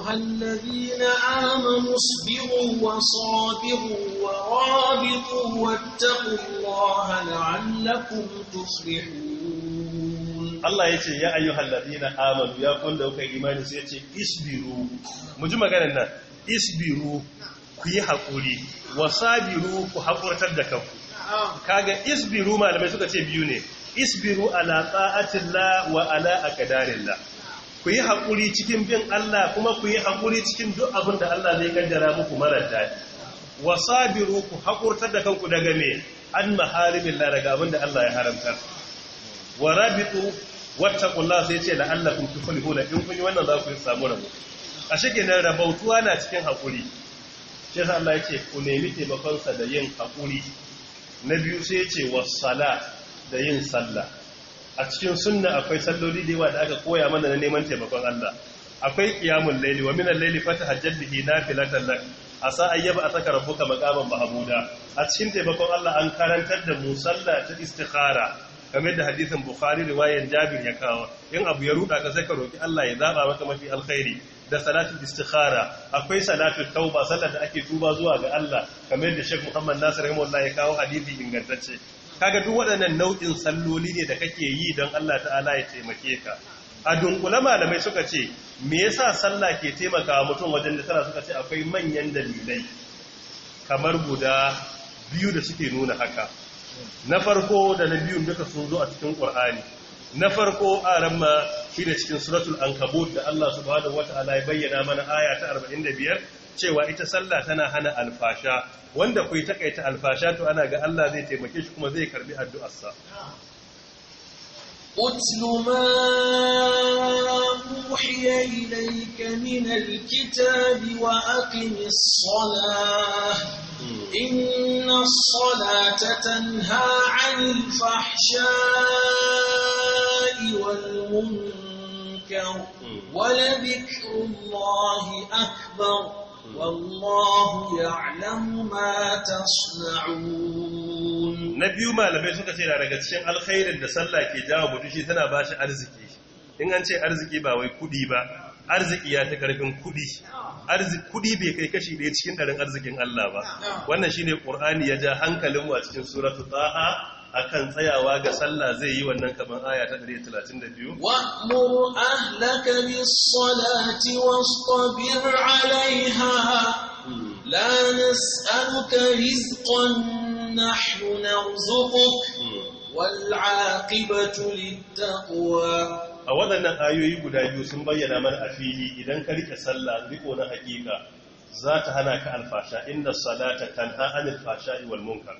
wa Allah ya ce ya ayyu halladina amanu ya da kuka imani sai ya ce isbiru mu ji maganar nan isbiru ku yi haƙuri wasabiru ku haƙurtar da kanku kaga isbiru malamai suka ce biyu ne isbiru ala ta'atillah wa ala aqdarillah ku yi haƙuri cikin bin Allah kuma ku yi haƙuri cikin duk abin da Allah zai kaddara muku marar ne. wa sabiru ku haƙurtar da kanku daga me an maharibin la daga abin da Allah ya haramta wa rabitu Wata kula sai ce la'allakum hula in kun yi wannan za ku samu rabo a shige nan rabautuwa na cikin hakuri sai sa Allah yace ku nemi taimakonsa da yin hakuri na biyu sai yace was-sala da yin sallah a cikin sunna akwai salloli da yawa da aka koya mana na neman taimakon Allah akwai qiyamul layli wa min al-layli fatahajjal bihi nafilatan lak asa ayyaba ataka rabbuka maqaman mahmuda a cikin taimakon Allah an karantar da musalla ta istikhara kamar da hadisin bukhari riwayan jabir ya kawo in abu ya ruda ka sai ka roki Allah ya zaba maka mafi alkhairi da salatu istikhara akwai salatu tauba sallar da ake tuba zuwa ga Allah kamar da Sheikh Muhammad Nasir rahimahullah ya kawo hadisi ingantacce kaga duk waɗannan nau'in salloli ne da kake yi don Allah ta'ala ya taimake ka a dunkule malamai suka ce me yasa sallah ke taimaka mutum wajen da tara suka ce akwai manyan dalilai kamar guda biyu da suke nuna haka na farko da na biyun duka sun zo a cikin ƙur'ani na farko a ramma shi da cikin suratul ankabut da Allah subhanahu wata'ala ya bayyana mana aya ta 45 cewa ita sallah tana hana alfasha wanda ku yi takaita alfasha to ana ga Allah zai taimake shi kuma zai karbi addu'arsa أتل ما أوحي إليك من الكتاب وأقم الصلاة إن الصلاة تنهى عن الفحشاء والمنكر ولذكر الله أكبر والله يعلم ما تصنعون na biyu malamai suka ce na daga cikin alkhairin da sallah ke jawo mutu shi tana ba shi arziki in an ce arziki ba wai kudi ba arziki ya fi karfin kudi kudi bai kai kashi ɗaya cikin ɗarin arzikin Allah ba wannan shine qur'ani ya ja hankalin mu a cikin suratu taha akan tsayawa ga sallah zai yi wannan kamar aya ta 132 wa'mur ahlaka bis-salati wastabir 'alayha la nas'aluka rizqan نحن نرزقك والعاقبة للتقوى a waɗannan ayoyi guda biyu sun bayyana mana a fili idan ka rike sallah riko na hakika za ta hana ka alfasha inda salata tanha anil fasha wal munkar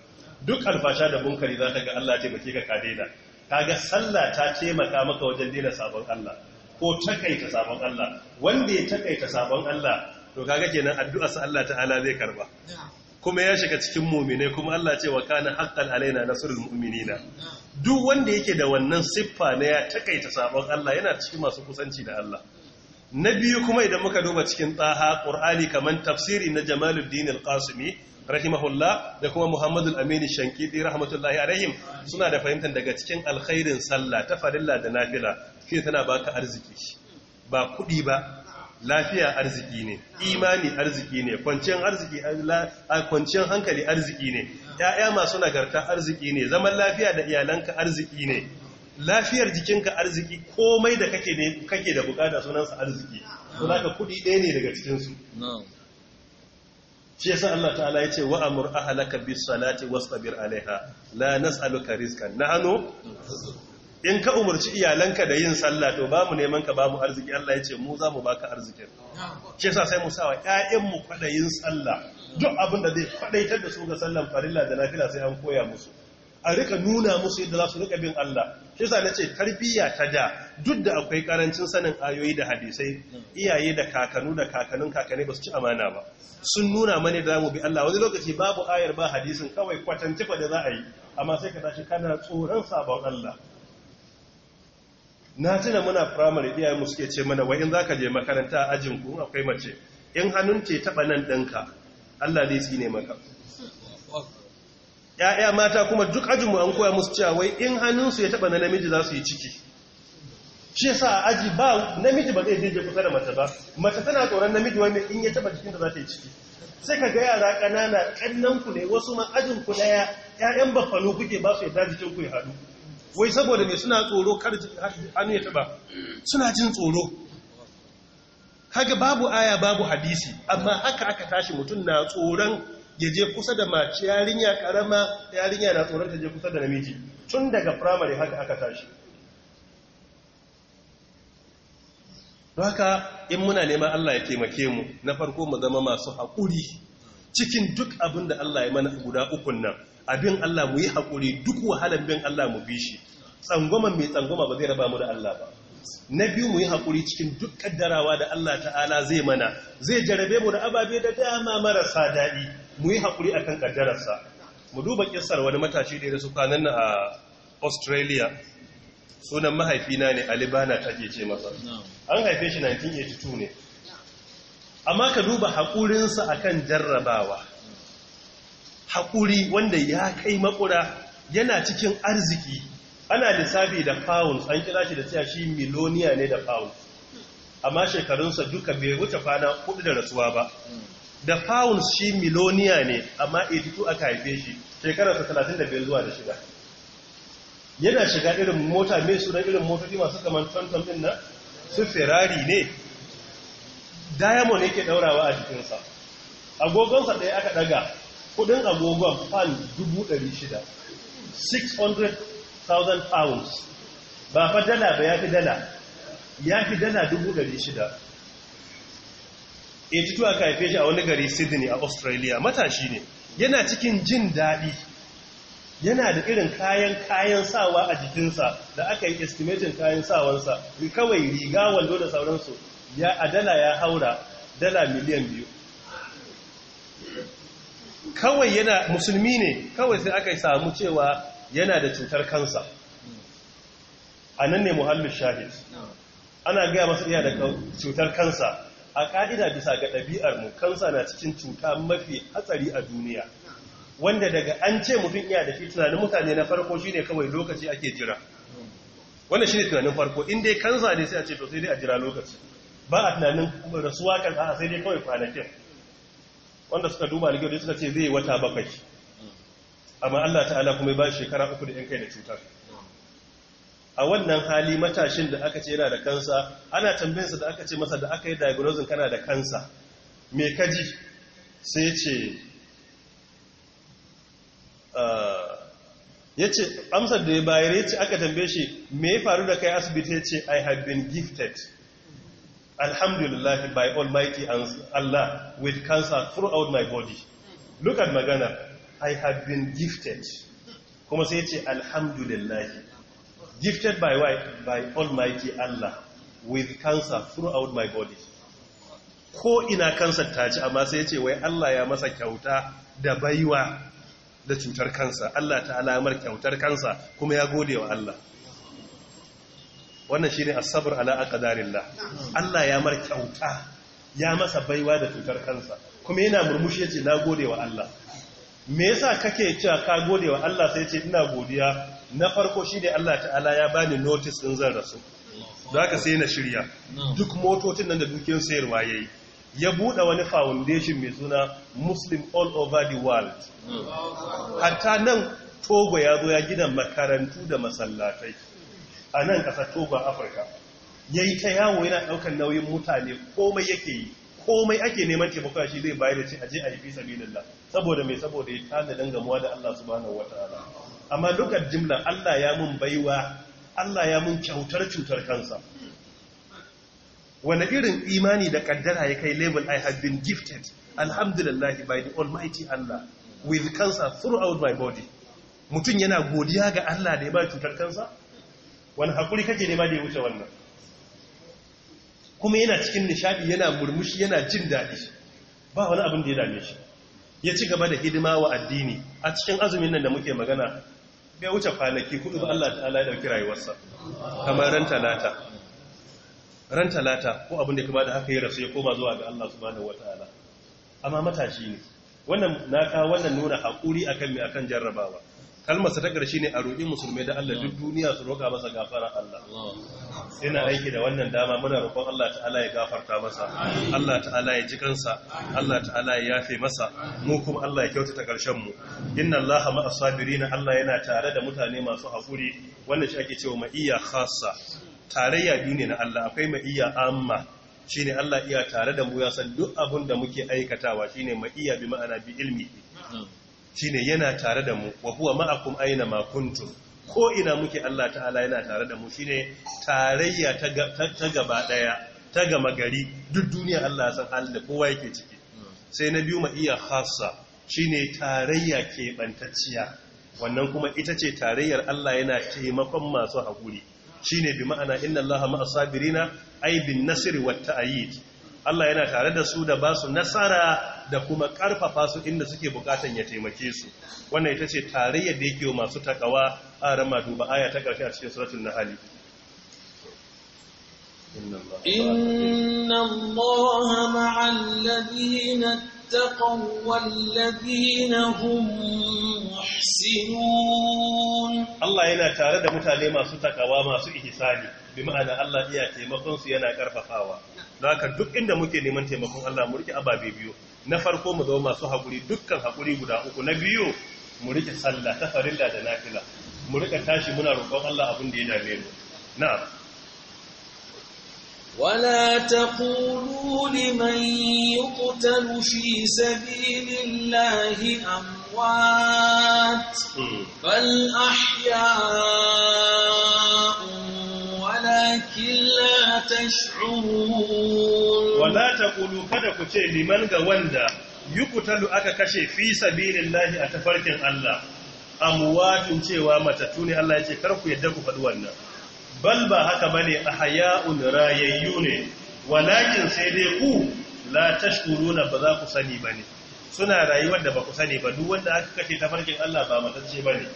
duk alfasha da munkari za ta ga Allah ya taimake ka ka daina kaga sallah ta taimaka maka wajen daina sabon Allah ko takaita sabon Allah wanda ya takaita sabon Allah to kaga kenan addu'ar sa Allah ta'ala zai karba kuma ya shiga cikin mu'minai kuma Allah ce wa kana haqqan alaina nasrul mu'minina duk wanda yake da wannan siffa na ya takaita sabon Allah yana ciki masu kusanci da Allah na biyu kuma idan muka duba cikin tsaha qur'ani kamar tafsiri na jamaluddin al-qasimi rahimahullah da kuma muhammadul amini shankidi rahmatullahi alaihim suna da fahimtar daga cikin alkhairin sallah ta farilla da nafila shi tana baka arziki ba kuɗi ba lafiya arziki ne imani arziki ne kwanciyar arziki kwanciyar hankali arziki ne ya'ya masu nagarta arziki ne zaman lafiya da iyalanka arziki ne lafiyar jikinka arziki komai da kake da bukata sunansa arziki kuma ka kudi ɗaya ne daga cikin su shi yasa Allah ta'ala ce wa amur ahlaka bis salati wasbir alaiha la nas'aluka rizqan nahnu in ka umarci iyalanka da yin sallah to ba mu neman ka ba mu arziki Allah ya ce mu za mu baka arzikin shi sa sai mu sawa ƴaƴanmu kwadayin sallah duk abin da zai kwadaitar da su ga sallan farilla da nafila sai an koya musu a rika nuna musu yadda za su rika bin Allah sa na ce tarbiyya ta da duk da akwai karancin sanin ayoyi da hadisai iyaye da kakanu da kakanun kakane ba su ci amana ba sun nuna mani da mu bi Allah wani lokaci babu ayar ba hadisin kawai kwatanci fa da za a yi amma sai ka tashi kana tsoron sabon Allah na tuna muna firamare primary musu suke ce mana wai in ka je makaranta a ajin ku akwai mace in hannun ce taɓa nan ɗanka Allah zai tsine maka ya'ya mata kuma duk ajinmu an koya musu cewa wai in hannunsu ya taɓa na namiji za su yi ciki shi yasa aji ba namiji ba zai je kusa da mace ba mace tana tsoron namiji wani in ya taɓa jikinta za ta yi ciki sai ka ga yara ƙanana ƙannan ku ne wasu ma ajin ku daya 'ya'yan bafalo kuke ba su yadda jikin ku ya haɗu wai saboda mai suna tsoro kar hannu ya taba suna jin tsoro kaga babu aya babu hadisi amma haka aka tashi mutum na tsoron ya je kusa da mace yarinya karama yarinya na tsoron ta je kusa da namiji tun daga firamare haka aka tashi haka in muna nema Allah ya taimake mu na farko mu zama masu haƙuri cikin duk abin da Allah ya mana guda ukun nan abin Allah mu yi haƙuri duk wahalar bin Allah mu bi shi tsangwama mai tsangwama ba zai raba mu da Allah ba na biyu mu yi haƙuri cikin duk ƙaddarawa da Allah ta'ala zai mana zai jarabe mu da ababe da dama marasa daɗi mu yi haƙuri akan ƙaddararsa mu duba ƙisar wani matashi da ya kwanan na a australia sunan mahaifina ne alibana ta ke ce masa an haife shi 1982 ne amma ka duba haƙurinsa akan jarrabawa haƙuri wanda ya kai makura yana cikin arziki ana lissafi da pounds an kira shi da tsaya shi miloniya ne da pounds amma shekarunsa duka bai wuce fana hudu da rasuwa ba da pounds shi miloniya ne amma 82 aka haife shi shekararsa 35 zuwa da shiga yana shiga irin mota mai sunan irin motoci masu kamar tantan din nan su ferrari ne diamond yake daurawa a jikinsa agogonsa ɗaya aka ɗaga kudin agogon fan 600,000 600,000 pounds ba fa dala ba ya fi dala ya fi dala 600,000 82 ka haife shi a wani gari sydney a australia matashi ne yana cikin jin daɗi yana da irin kayan kayan sawa a jikinsa da aka yi estimatin kayan sawansa kawai riga wando da sauransu ya a dala ya haura dala miliyan biyu kawai yana musulmi ne kawai sai aka samu cewa yana da cutar kansa a nan ne muhallin shahid ana gaya masu iya da cutar kansa a ƙa'ida bisa ga ɗabi'ar mu kansa na cikin cuta mafi hatsari a duniya wanda daga an ce mutum iya da shi tunanin mutane na farko shi ne kawai lokaci ake jira wanda shi ne tunanin farko inda kansa ne sai a ce to sai dai a jira lokaci ba a tunanin rasuwa kan a sai dai kawai kwanakin wanda suka duba algeria suka ce zai wata bakwai amma Allah ta'ala kuma ba shekara uku da yan kai da cutar a wannan hali matashin da aka ce yana da kansa ana tambayinsa da aka ce masa da aka yi diagnosis kana da kansa me kaji sai ce ah, ya ce amsar da ya bayar ya ce aka tambaye shi me faru da kai asibiti ya ce i have been gifted alhamdulillah by almighty Allah with cancer throughout my body look at magana I have been gifted kuma sai ce alhamdulillah gifted by why by almighty Allah with cancer throughout my body ko ina kansa ta ci amma sai ce wai Allah ya masa kyauta da baiwa da cutar kansa Allah ta alamar kyautar kansa kuma ya gode wa Allah wannan ne a sabar ala aqdarillah Allah ya mara kyauta ya masa baiwa da cutar kansa kuma yana murmushi yace na gode wa Allah me yasa kake cewa ka gode wa Allah sai ce ina godiya na farko shi ne Allah ta'ala ya bani notice ɗin zan rasu ka sai na shirya duk motocin nan da dukiyar sayarwa ya yi. ya buɗe wani foundation mai suna muslim all over the world hatta nan togo ya zo ya gina makarantu da masallatai a nan ƙasar togo afirka ya yi ta yawo yana ɗaukar nauyin mutane komai yake yi komai ake neman taimako shi zai bayar da ce aje a yi fi lalla saboda mai saboda ya tanadin gamuwa da Allah wata ala, amma dukkan jimla Allah ya mun baiwa Allah ya mun kyautar cutar kansa wani irin imani da kaddara ya kai level I have been gifted alhamdulillah by the almighty Allah with cancer throughout my body mutum yana godiya ga Allah da ya ba cutar kansa wani hakuri kake nema da ya wuce wannan kuma yana cikin nishadi yana murmushi yana jin daɗi ba wani abin da ya dame shi ya ci gaba da hidima wa addini a cikin azumin nan da muke magana bai wuce kwanaki hudu ba Allah ta'ala ya dauki rayuwarsa kamar ran talata ran talata ko abin da kuma da haka ya rasu ya koma zuwa ga Allah subhanahu wataala amma matashi ne wannan na ka wannan nuna hakuri akan mai akan jarrabawa kalmarsa ta ƙarshe ne a roƙi musulmai da Allah duk duniya su roƙa masa gafara Allah ina aiki da wannan dama muna roƙon Allah ta'ala ya gafarta masa Allah ta'ala ya ji kansa Allah ta'ala ya yafe masa mu kuma Allah ya kyautata ƙarshen mu inna Allah ma'as sabirin Allah yana tare da mutane masu hakuri wanda shi ake cewa ma'iyya khassa tarayya biyu ne na Allah akwai ma'iyya amma shine Allah iya tare da mu ya san duk abin da muke aikatawa shine ma'iyya bi ma'ana bi ilmi shine yana tare da mu wa huwa ma'akum aina ma kuntum ko ina muke Allah ta'ala yana tare da mu shine tarayya ta gaba daya ta gama gari duk duniya Allah san halin da kowa yake ciki sai na biyu ma iya khassa shine tarayya ke bantacciya wannan kuma ita ce tarayyar Allah yana taimakon masu haƙuri shine bi ma'ana inna Allah ma'a sabirina ay bin wata wat ta'yid Allah yana tare da su da basu nasara da kuma ƙarfafa su inda suke bukatan ya taimake su wannan ita ce tarayyar da yake masu takawa a rama duba aya ta karshe a cikin suratul nahl inna allaha Allah yana tare da mutane masu takawa masu ihsani bi ma'ana Allah iya taimakonsu yana ƙarfafawa. don haka duk inda muke neman taimakon Allah mu rike ababe biyu na farko mu zama masu haƙuri dukkan haƙuri guda uku na biyu mu rike sallah ta farilla da nafila mu rike tashi muna roƙon Allah abin da ya dame mu na'am wala taqulu liman yuqtalu fi sabilillahi amwat bal hmm. ahya'un ولكن لا تشعرون ولا kada ku ce liman ga wanda yukutalu aka kashe fi lahi a tafarkin Allah amwatun cewa matattu ne Allah ya ce kar ku yadda ku faɗi wannan bal ba haka a hayaun rayayyu ne walakin sai dai ku la tashkuruna ba za ku sani ne, suna rayuwar da ba ku sani ba duk wanda aka kashe tafarkin Allah ba matacce bane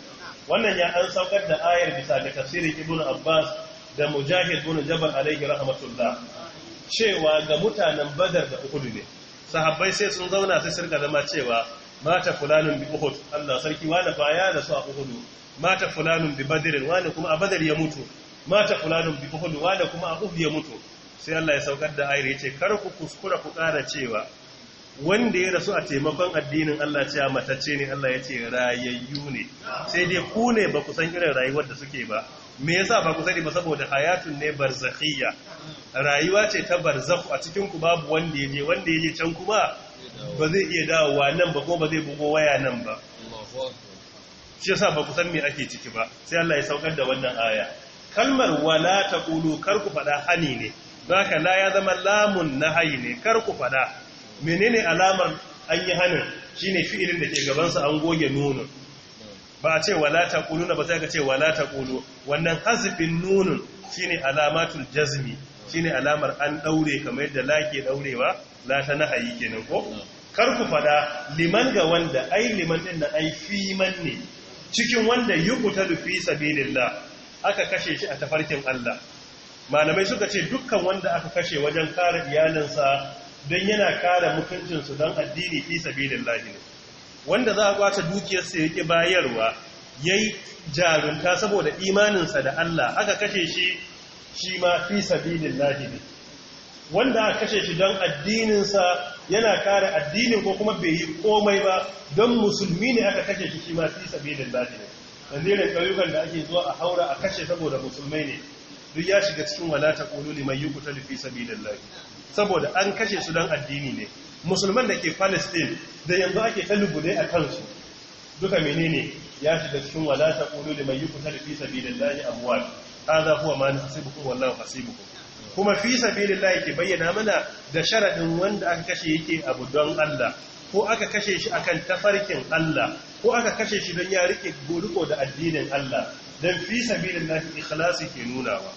wannan ya an saukar da ayar bisa ga tafsirin Ibn Abbas da mujahid bin jabal alaihi rahmatullah cewa ga mutanen badar da uhud ne sahabbai sai sun zauna sai sirka zama cewa mata fulanun bi uhud Allah sarki wani baya da su a uhud mata fulanun bi badr wani kuma a badar ya mutu mata fulanun bi uhud wani kuma a uhud ya mutu sai Allah ya saukar da ayar yace kar ku kuskura ku ƙara cewa wanda ya rasu a taimakon addinin Allah cewa matacce ne Allah yace rayayyu ne sai dai ku ne ba ku san irin rayuwar da suke ba me yasa ba ku sani ba saboda hayatun ne barzakhiyya rayuwa ce ta barzakhu a cikin ku babu wanda yaje wanda yaje can kuma ba zai iya dawowa nan ba ko ba zai bugo waya nan ba shi yasa ba ku san me ake ciki ba sai Allah ya saukar da wannan aya kalmar wala taqulu kar ku fada hani ne Zaka la ya zama lamun nahyi ne kar ku fada menene alamar an yi hanin shine fi'ilin da ke gaban sa an goge nunun ba a ce wala ƙulu na ba sai ka ce wala ƙulu wannan hazfin nunun shine alamatul jazmi shine alamar an ɗaure kamar yadda la ke la ta nahayi kenan ko kar ku fada liman ga wanda ai liman din na ai fi man ne cikin wanda da fi sabilillah aka kashe shi a tafarkin Allah malamai suka ce dukkan wanda aka kashe wajen kare iyalinsa don yana kare mutuncinsu don addini fi sabilillahi ne wanda za a kwace dukiyarsa yake bayarwa yi jarunta saboda imaninsa da Allah aka kashe shi shi ma fi sabidin ne wanda aka kashe shi don addininsa yana kare addinin ko kuma bai yi komai ba don musulmi ne aka kashe shi shi ma fi sabilillahi ne tanzirin ƙauyukan da ake zuwa a haura a kashe saboda musulmai ne duk ya shiga cikin walata ƙololi mai yi kuta fi sabilillahi saboda an kashe su don addini ne musulman da ke palestine da yanzu ake ta lugude a kansu duka menene ya shiga cikin wadata ƙulu da mai yi kusa da fisa sabi da a abuwa ta za kuwa ma na hasibuku wallahu hasibuku kuma fisa sabi da ke bayyana mana da sharaɗin wanda aka kashe yake abu don allah ko aka kashe shi akan tafarkin allah ko aka kashe shi don ya riƙe guriko da addinin allah don fisa sabi da ikhlasi ke nunawa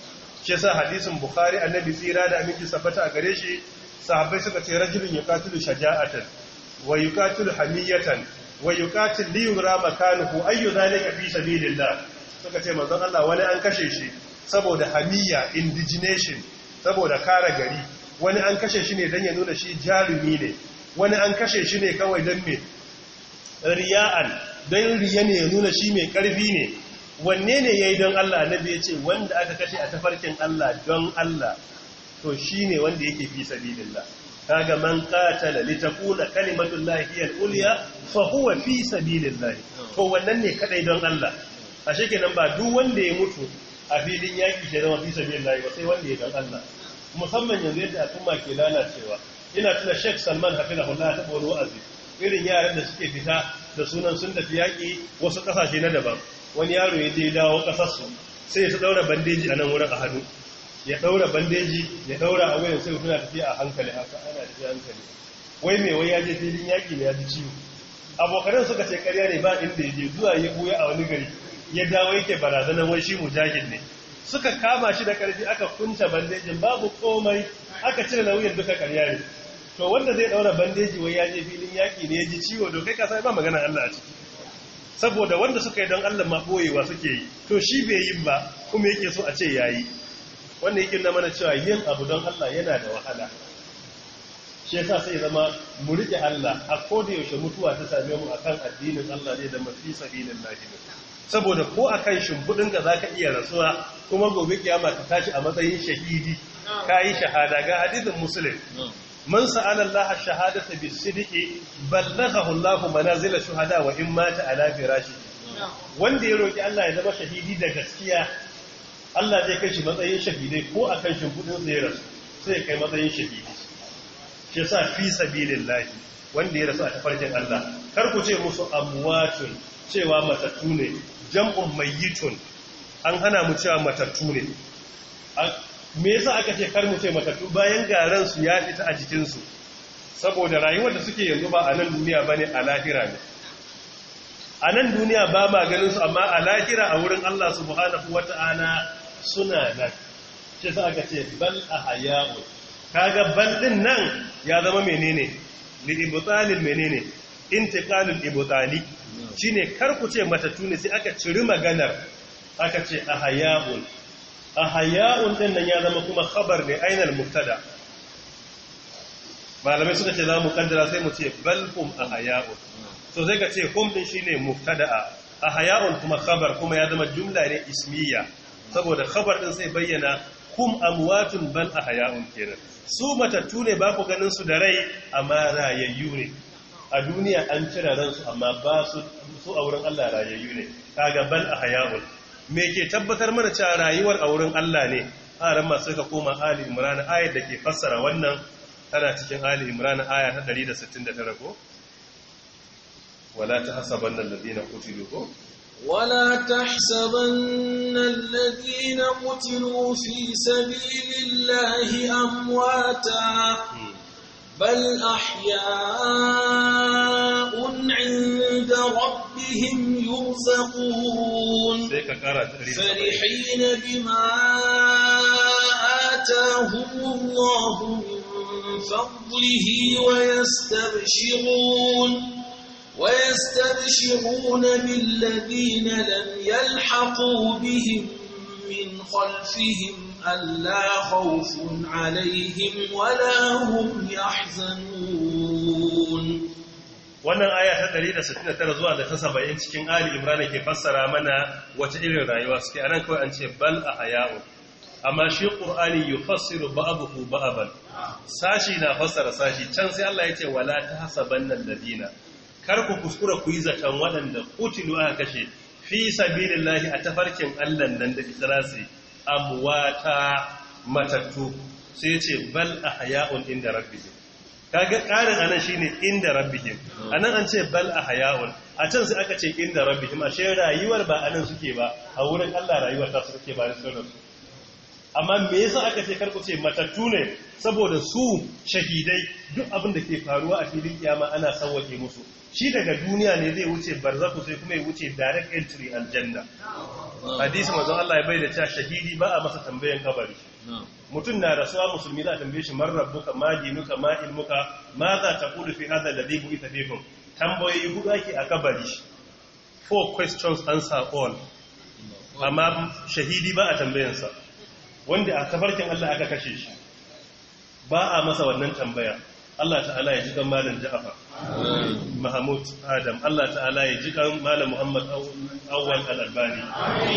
shi sa hadisin bukhari annabi tsira da aminci sabbata a gare shi sahabbai suka ce rajulun yuqatilu shaja'atan wa yuqatilu hamiyatan wa yuqatil li yura makanuhu ayu zalika fi sabilillah suka ce manzon Allah wani an kashe shi saboda hamiya indignation saboda kare gari wani an kashe shi ne dan ya nuna shi jarumi ne wani an kashe shi ne kawai dan me riya'an dan riya ne ya nuna shi mai karfi ne wanne ne yayi don Allah annabi ya ce wanda aka kashe a tafarkin Allah don Allah to shi ne wanda yake fi sabilillah Ta man qatala litakuna kalimatun hiya al-ulya fa huwa fi sabilillah to wannan ne kadai don Allah A ashe nan ba duk wanda ya mutu a filin yaki ke zama fi sabilillah ba sai wanda ya don Allah musamman yanzu yadda a al'umma ke lalacewa ina tuna Sheikh Salman hafizahullah ta boro wa'azi irin yaran da suke fita da sunan sun tafi yaki wasu kasashe na daban wani yaro ya je dawo kasar su sai su daura bandeji a nan wurin a hannu ya daura bandeji ya daura a wayan sai suna tafiya a hankali haka ana tafiya hankali wai mai wai ya je filin yaƙi ne ya ji ciwo abokanan suka ce karya ne ba inda ya je zuwa ya buya a wani gari ya dawo yake barazanan wai shi mujahid ne suka kama shi da karfi aka kunta bandejin babu komai aka cire nauyin duka karya ne to wanda zai daura bandeji wai ya je filin yaƙi ne ya ji ciwo to kai ka sai ba magana Allah a ciki saboda wanda suka yi don Allah ma boyewa suke yi to shi bai yi ba kuma yake so a ce yayi wannan yake na mana cewa yin abu don Allah yana da wahala shi yasa sai zama mu rike Allah a koda yaushe mutuwa ta same mu akan addinin Allah ne da mafi sabilin lahi saboda ko akan shimbuɗin ka zaka iya rasuwa kuma gobe kiyama ta tashi a matsayin shahidi kayi shahada ga hadisin muslim man sa'ala Allah ash-shahadata bis-sidqi ballaghahu Allah manazila shuhada wa in mata ala firashi wanda ya roƙi Allah ya zama shahidi da gaskiya Allah zai kai shi matsayin shahidai ko a kan shimfiɗin tsayarsu sai kai matsayin shahidi shi sa fi sabilin lahi wanda ya rasu a tafarkin Allah kar ku ce musu amwatun cewa matattu ne jam'un tun an hana mu cewa matattu ne me yasa aka ce kar mu ce matattu bayan garansu su ya fita a jikinsu. saboda rayuwar da suke yanzu ba a nan duniya ba ne a lahira ne a nan duniya ba ma ganinsu amma a lahira a wurin Allah subhanahu wata'ala suna nan shi sa aka ce bal ahya'un kaga bal nan ya zama menene liibtalil menene intiqalul ibtali shine kar ku ce ne sai aka ciri maganar aka ce A ahya'un din nan ya zama kuma khabar ne ainal mubtada malamai suka ce za mu kaddara sai mu ce bal a ahya'un so sai ka ce hum ne shine a ahya'un kuma khabar kuma ya zama jumla ne ismiya saboda khabar din sai bayyana kum amwatun bal ahya'un kenan su matattu ne ba ku ganin su da rai amma rayayyu ne a duniya an cire ransu amma ba su su a wurin Allah rayayyu ne kaga bal ahya'un me ke tabbatar mana cewa rayuwar a Allah ne a ran masu ka koma Ali Imran ayat da ke fassara wannan tana cikin Ali Imran aya ta 169 ko wala tahsabanna alladhina qutilu ko ولا تحسبن الذين قتلوا في سبيل الله أمواتا بل أحياء عند ربهم يرزقون فرحين بما آتاهم الله من فضله ويستبشرون ويستبشرون بالذين لم يلحقوا بهم من خلفهم ألا خوف عليهم ولا هم يحزنون wannan aya ta 169 zuwa da ta 70 cikin Ali Imran ke fassara mana wata irin rayuwa suke anan kawai an ce bal a haya'u amma shi Qur'ani yufassiru ba'dahu ba'dan sashi na fassara sashi can sai Allah ya ce wala da dina. kar ku kuskura ku yi zaton waɗanda kutilu aka kashe fi lahi a tafarkin Allah nan da ikirasi amwata matattu sai ce bal a haya'un inda rabbihim kaga ƙarin anan shine inda rabbihim anan an ce bal a hayaun, a can sai aka ce inda rabbihim ashe rayuwar ba anan suke ba a wurin Allah rayuwar ta suke ba sauran su amma me yasa aka ce karku ce matattu ne saboda su shahidai duk abin da ke faruwa a filin kiyama ana sawwake musu shi daga duniya ne zai wuce barzaku sai kuma ya wuce direct entry aljanna hadisi mazan Allah ya bai da cewa shahidi ba a masa tambayan kabari mutum na rasuwa musulmi za a tambaye shi man rabbuka ma dinuka ma ilmuka ma za ta kudu fi tambayoyi hudu ake a kabari four questions answer all amma shahidi ba a tambayansa wanda a kabarkin Allah aka kashe shi ba a masa wannan tambaya Allah ta'ala ya ji kan malam Ja'far Mahmud Adam Allah ta'ala ya ji kan malam Muhammad Awwal Al-Albani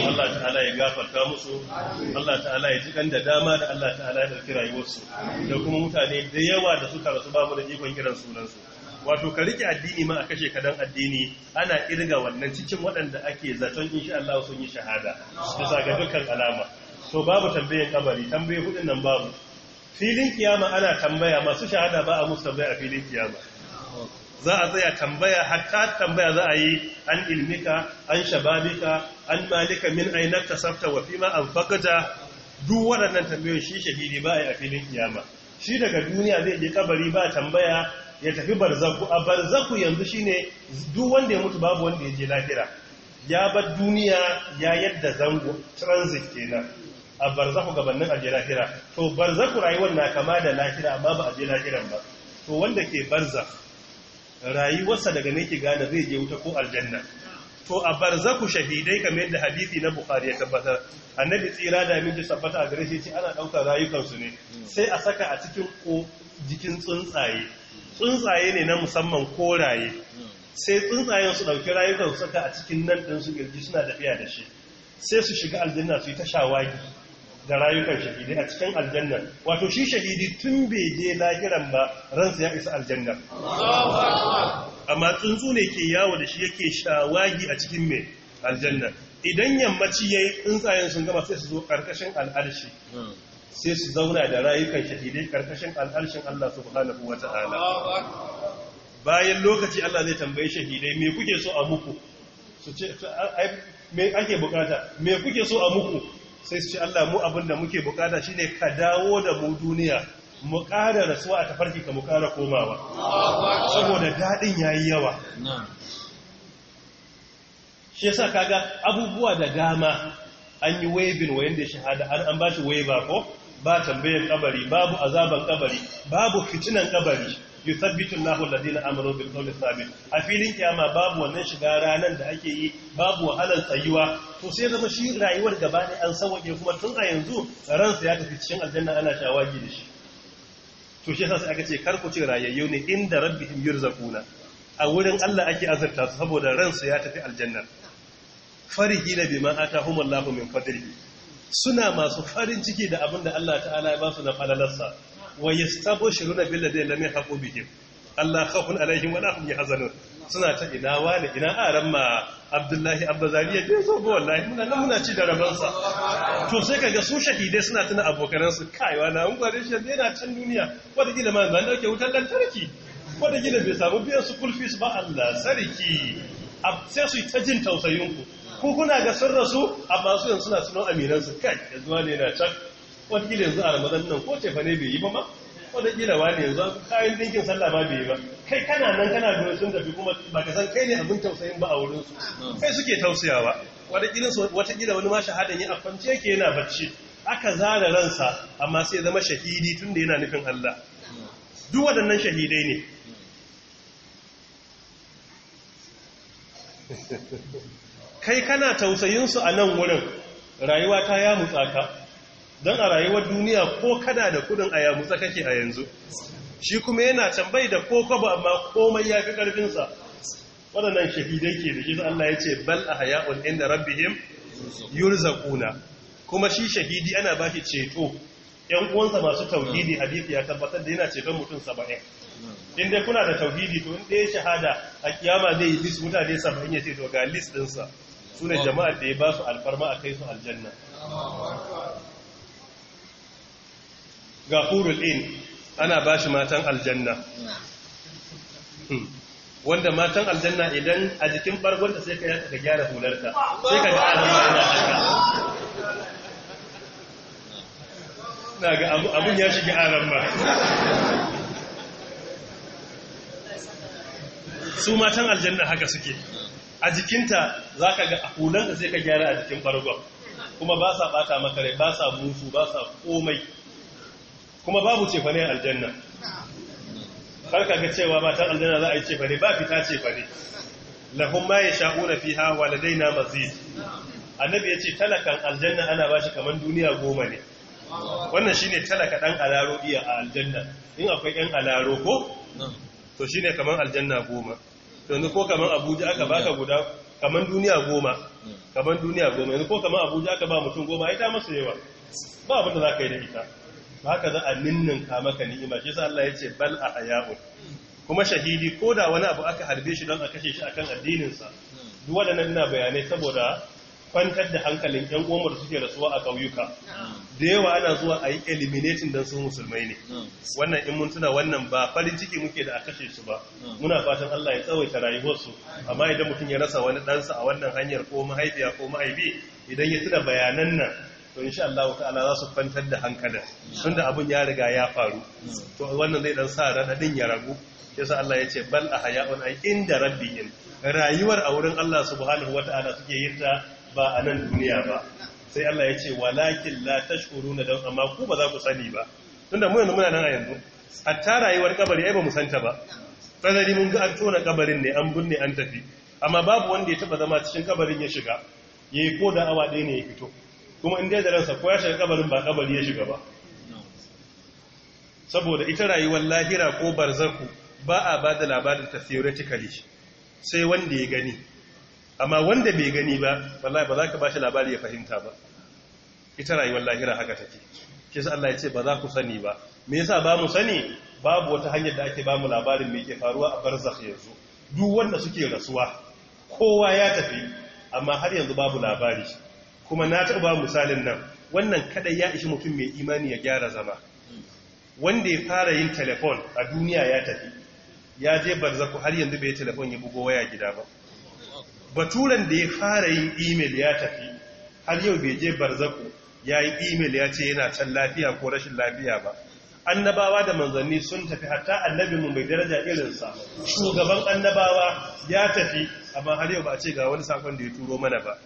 Allah ta'ala ya gafarta musu Allah ta'ala ya ji kan da dama da Allah ta'ala ya dauki rayuwarsu da kuma mutane da yawa da suka rasu babu da ikon kiran sunansu wato ka rike addini ma a kashe kadan addini ana irga wannan cikin waɗanda ake zaton insha Allah sun yi shahada bisa ga dukkan alama To babu tambayar kabari tambaye hudin nan babu filin kiyama ana tambaya masu shahada ba a musu tambaya a filin kiyama za a tsaya tambaya hatta tambaya za a yi an ilmika an shababika an malika min aina kasafta wa fima an fagaja duk waɗannan tambayoyin shi shahidi ba a yi a filin kiyama shi daga duniya zai je kabari ba tambaya ya tafi barzaku a barzaku yanzu shi ne duk wanda ya mutu babu wanda ya je lahira ya bar duniya ya yadda zango transit kenan a barzaku gabanin ajiyar lahira to barzaku rayuwar na kama da lahira amma ba je lahiran ba to wanda ke barza rayuwarsa daga ne ki gane zai je wuta ko aljanna to a barzaku shahidai kamar yadda hadisi na bukhari ya tabbatar annabi tsira da aminci tabbata a gare shi ce ana ɗaukar rayukansu ne sai a saka a cikin ko jikin tsuntsaye tsuntsaye ne na musamman ko raye sai tsuntsayen su dauki rayukansu saka a cikin nan din su girji suna tafiya da shi sai su shiga aljanna su yi ta shawagi da rayukan shahidai a cikin aljanna wato shi shahidi tun bai je lahiran ba ransa ya isa aljanna amma tsuntsu ne ke yawo da shi yake shawagi a cikin mai aljanna idan yammaci ya yi tsuntsayen sun gama sai su zo ƙarƙashin al'arshi sai su zauna da rayukan shahidai ƙarƙashin al'arshin Allah subhanahu wata ala bayan lokaci Allah zai tambayi shahidai me kuke so a muku su ce ake bukata me kuke so a muku sai su ce Allah mu abin da muke bukata shine ka dawo da mu duniya mu ƙara rasuwa a tafarki ka mu ƙara komawa saboda daɗin ya yi yawa shi yasa kaga abubuwa da dama an yi waibin wayan da shahada an an bashi waiba ko ba tambayar kabari babu azaban kabari babu fitinan kabari yuthabbitu Allahu alladhina amanu bil qawli thabit a filin kiyama babu wannan shiga ranan da ake yi babu wahalar tsayuwa to sai zama shi rayuwar gaba ne an sauke kuma tun a yanzu ransa ya tafi cikin aljanna ana shawagi da shi to shi sai aka ce kar ku ce rayayyu ne inda rabbihim yurzaquna a wurin Allah ake azurta su saboda su ya tafi aljanna farihi da bima atahumullahu min fadlihi suna masu farin ciki da abin da Allah ta'ala ya ba su na falalarsa wa yastabshiruna bil ladina lam yahqu bihim Allah khafun alaihim wa lahum yahzanun suna ta ina wani ina aran ma Abdullahi Abbazariya ya so ba wallahi muna nan muna ci da rabansa to sai kaga su shahidai suna tuna abokanan su kaiwa na mun gwada shi yana can duniya wata gida ma ban dauke wutar lantarki wata gida bai samu biyan su su ba Allah sarki sai su ta jin tausayin ku Ku kuna ga sun rasu amma su yanzu suna sunan aminan su kai yanzu ne na can wataƙila yanzu a ramadan nan ko cefa ne bai yi ba ma wataƙila wani yanzu kayan dinkin sallah ma bai yi ba kai kana nan kana gurin sun tafi kuma ba ka san kai ne abin tausayin ba a wurin su kai suke tausayawa wataƙila wataƙila wani ma yi a afance yake yana bacci aka zara ransa amma sai zama shahidi tun da yana nufin Allah duk waɗannan shahidai ne *laughs* kai kana tausayinsu a nan wurin rayuwa ta ya mutsaka. don a rayuwar duniya ko kana da kudin a tsaka kake a yanzu shi kuma yana can da ko kwaba amma komai ya fi ƙarfinsa waɗannan shahidai ke da shi Allah ya ce bal a haya'un inda rabbihim ƙuna. kuma shi shahidi ana ba shi ceto ‘yan uwansa masu tauhidi hadithi ya tabbatar da yana ceton mutum saba'in in dai kuna da tauhidi to in ɗaya shahada a kiyama zai yi bis mutane saba'in ya ce to ga lis ɗinsa su ne jama'ar da ya ba su alfarma a kai su aljanna gafurul in ana ba shi matan aljanna hmm. wanda matan aljanna idan a jikin bargonta sai ka yaka ka gyara hularta sai ka ga alama na haka na ga abin ya shiga aran su matan aljanna haka suke a jikinta za ka ga a sai ka gyara a jikin bargon kuma ba sa bata makarai ba sa musu ba sa komai kuma babu cefane aljanna karka ga cewa ba ta aljanna za a yi cefane ba fita cefane lahum ma hawa da dai na mazid annabi ya ce talakan aljanna ana bashi kamar duniya goma ne wannan shi ne talaka ɗan alaro iya a aljanna in akwai ɗan alaro ko to shi ne kamar aljanna goma to yanzu ko kamar abuja aka baka guda kamar duniya goma kamar duniya goma yanzu ko kamar abuja aka ba mutum goma ai ta masa yawa ba abin da ka yi da ita haka za a ninninka maka ni'ima shi sa Allah ya ce bal a haya'un kuma shahidi ko da wani abu aka harbe shi don a kashe shi akan addininsa duk wadannan ina bayanai saboda kwantar da hankalin umar uwan da suke rasuwa a ƙauyuka da yawa ana zuwa a yi eliminating don su musulmai ne wannan in mun tuna wannan ba farin ciki muke da a kashe su ba muna fatan Allah ya tsawaita rayuwarsu amma idan mutum ya rasa wani ɗansa a wannan hanyar ko mahaifiya ko mahaifi idan ya tuna bayanan nan to insha Allah ta'ala za su kwantar da hankalin tunda abin ya riga ya faru to wannan zai dan sa radadin ya ragu yasa Allah ya ce bal ahya'un ay inda rabbihim rayuwar a wurin Allah subhanahu wata'ala suke yin ta ba a nan duniya ba sai Allah ya ce walakin la tashkuruna dan amma ku ba za ku sani ba tunda mu yanzu muna nan a yanzu hatta rayuwar kabari ai ba mu santa ba tsanani mun ga an tona kabarin ne an binne an tafi amma babu wanda ya taba zama cikin kabarin ya shiga yayi ko da awa ɗaya ne ya fito kuma in ya da ransa ko ya shiga kabarin ba kabari ya shiga ba saboda ita rayuwar lahira ko barzaku ba a ba da labarin ta theoretically sai wanda ya gani amma wanda bai gani ba wallahi ba za ka ba shi labari ya fahimta ba ita rayuwar lahira haka take ke sa Allah ya ce ba za ku sani ba me yasa ba mu sani babu wata hanyar da ake ba mu labarin me ke faruwa a barzak yanzu duk wanda suke rasuwa kowa ya tafi amma har yanzu babu labari kuma na taɓa misalin nan wannan kaɗai ya ishi mutum mai imani ya gyara zama wanda ya fara yin telefon a duniya ya tafi ya je barzaku har yanzu bai telefon ya bugo waya gida ba baturan da ya fara yin imel ya tafi har yau bai je barzaku ya yi imel ya ce yana can lafiya ko rashin lafiya ba annabawa da manzanni sun tafi hatta annabinmu mai daraja irinsa shugaban annabawa ya tafi amma har yau ba a ce ga wani sakon da ya turo mana ba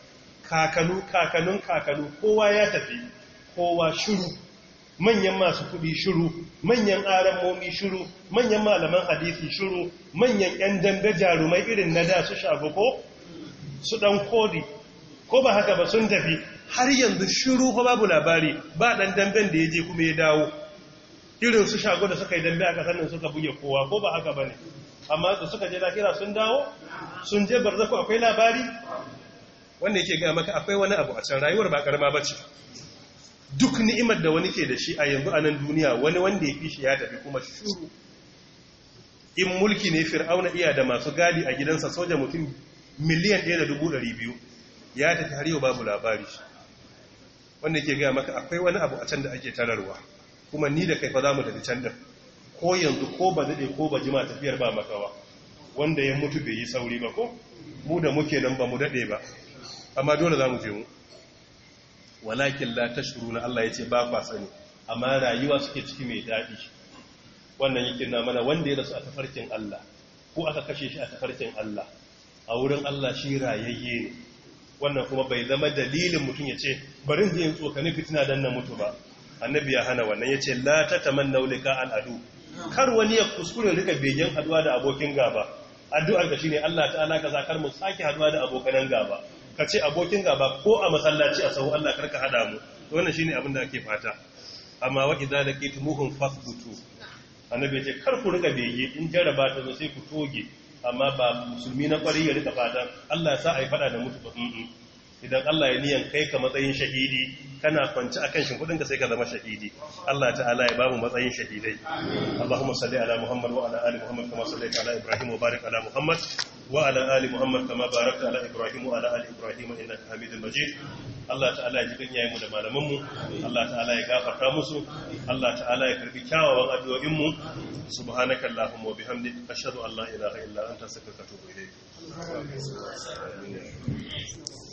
kakanu kakanun kakanu kowa ya tafi kowa shuru manyan masu kuɗi shuru manyan aramomi shuru manyan malaman hadisi shuru manyan yan dambe jarumai irin na da su shago ko su ɗan kodi ko ba haka ba sun tafi har yanzu shuru ko babu labari ba ɗan damben da ya je kuma ya dawo irin su shago da suka yi dambe a kasar nan suka buge kowa ko ba haka ba amma da suka je lakira sun dawo sun je barzaku akwai labari wanda yake ga maka akwai wani abu a can rayuwar ba karama bace duk ni'imar da wani ke da shi a yanzu a nan duniya wani wanda ya fishi ya tafi kuma shuru in mulki ne fir'auna iya da masu gadi a gidansa soja mutum miliyan 1.200 ya tafi har yau babu labari wanda ke gaya maka akwai wani abu a can da ake tararwa kuma ni da kaifa za mu tafi can din ko yanzu ko ba daɗe ko ba jima tafiyar ba makawa wanda ya mutu bai yi sauri ba ko mu da muke nan ba mu daɗe ba amma dole za mu je mu walakin la tashuruna Allah yace ba kwa sani amma rayuwa suke ciki mai daɗi. wannan yake na mana wanda ya rasu a tafarkin Allah ko aka kashe shi a tafarkin Allah a wurin Allah shi rayayye ne wannan kuma bai zama dalilin mutum ya ce barin zai yin tsokani fitina dan na mutu ba annabi ya hana wannan ya ce la ta tamanna naulika al'adu kar wani ya kuskure rika begen haduwa da abokin gaba addu'ar shi ne Allah ta'ala ka zakar mu sake haduwa da abokan gaba ka ce abokin gaba ko a masallaci a sahu Allah karka hada mu to wannan shine abin da ake fata amma wa idza laqitumuhum fasbutu annabi ce kar ku rika bege in jaraba ta sai ku toge amma ba musulmi na kwari ya rika fata Allah sa ai fada da mutu ba idan Allah ya niyan kai ka matsayin shahidi kana kwanci akan kudin ka sai ka zama shahidi Allah ta'ala ya mu matsayin shahidai Allahumma salli ala Muhammad wa ala ali Muhammad kama sallaita ala Ibrahim wa barik ala Muhammad وعلى muhammad kama كما باركت على إبراهيم وعلى آل إبراهيم إنك حميد مجيد Allah ta'ala ya ji ganyayenmu da malamanmu Allah ta'ala ya gafarta musu Allah ta'ala ya karbi kyawawan addu'o'inmu subhanaka allahumma wa bihamdika ashhadu an la ilaha illa anta astaghfiruka wa atubu ilayk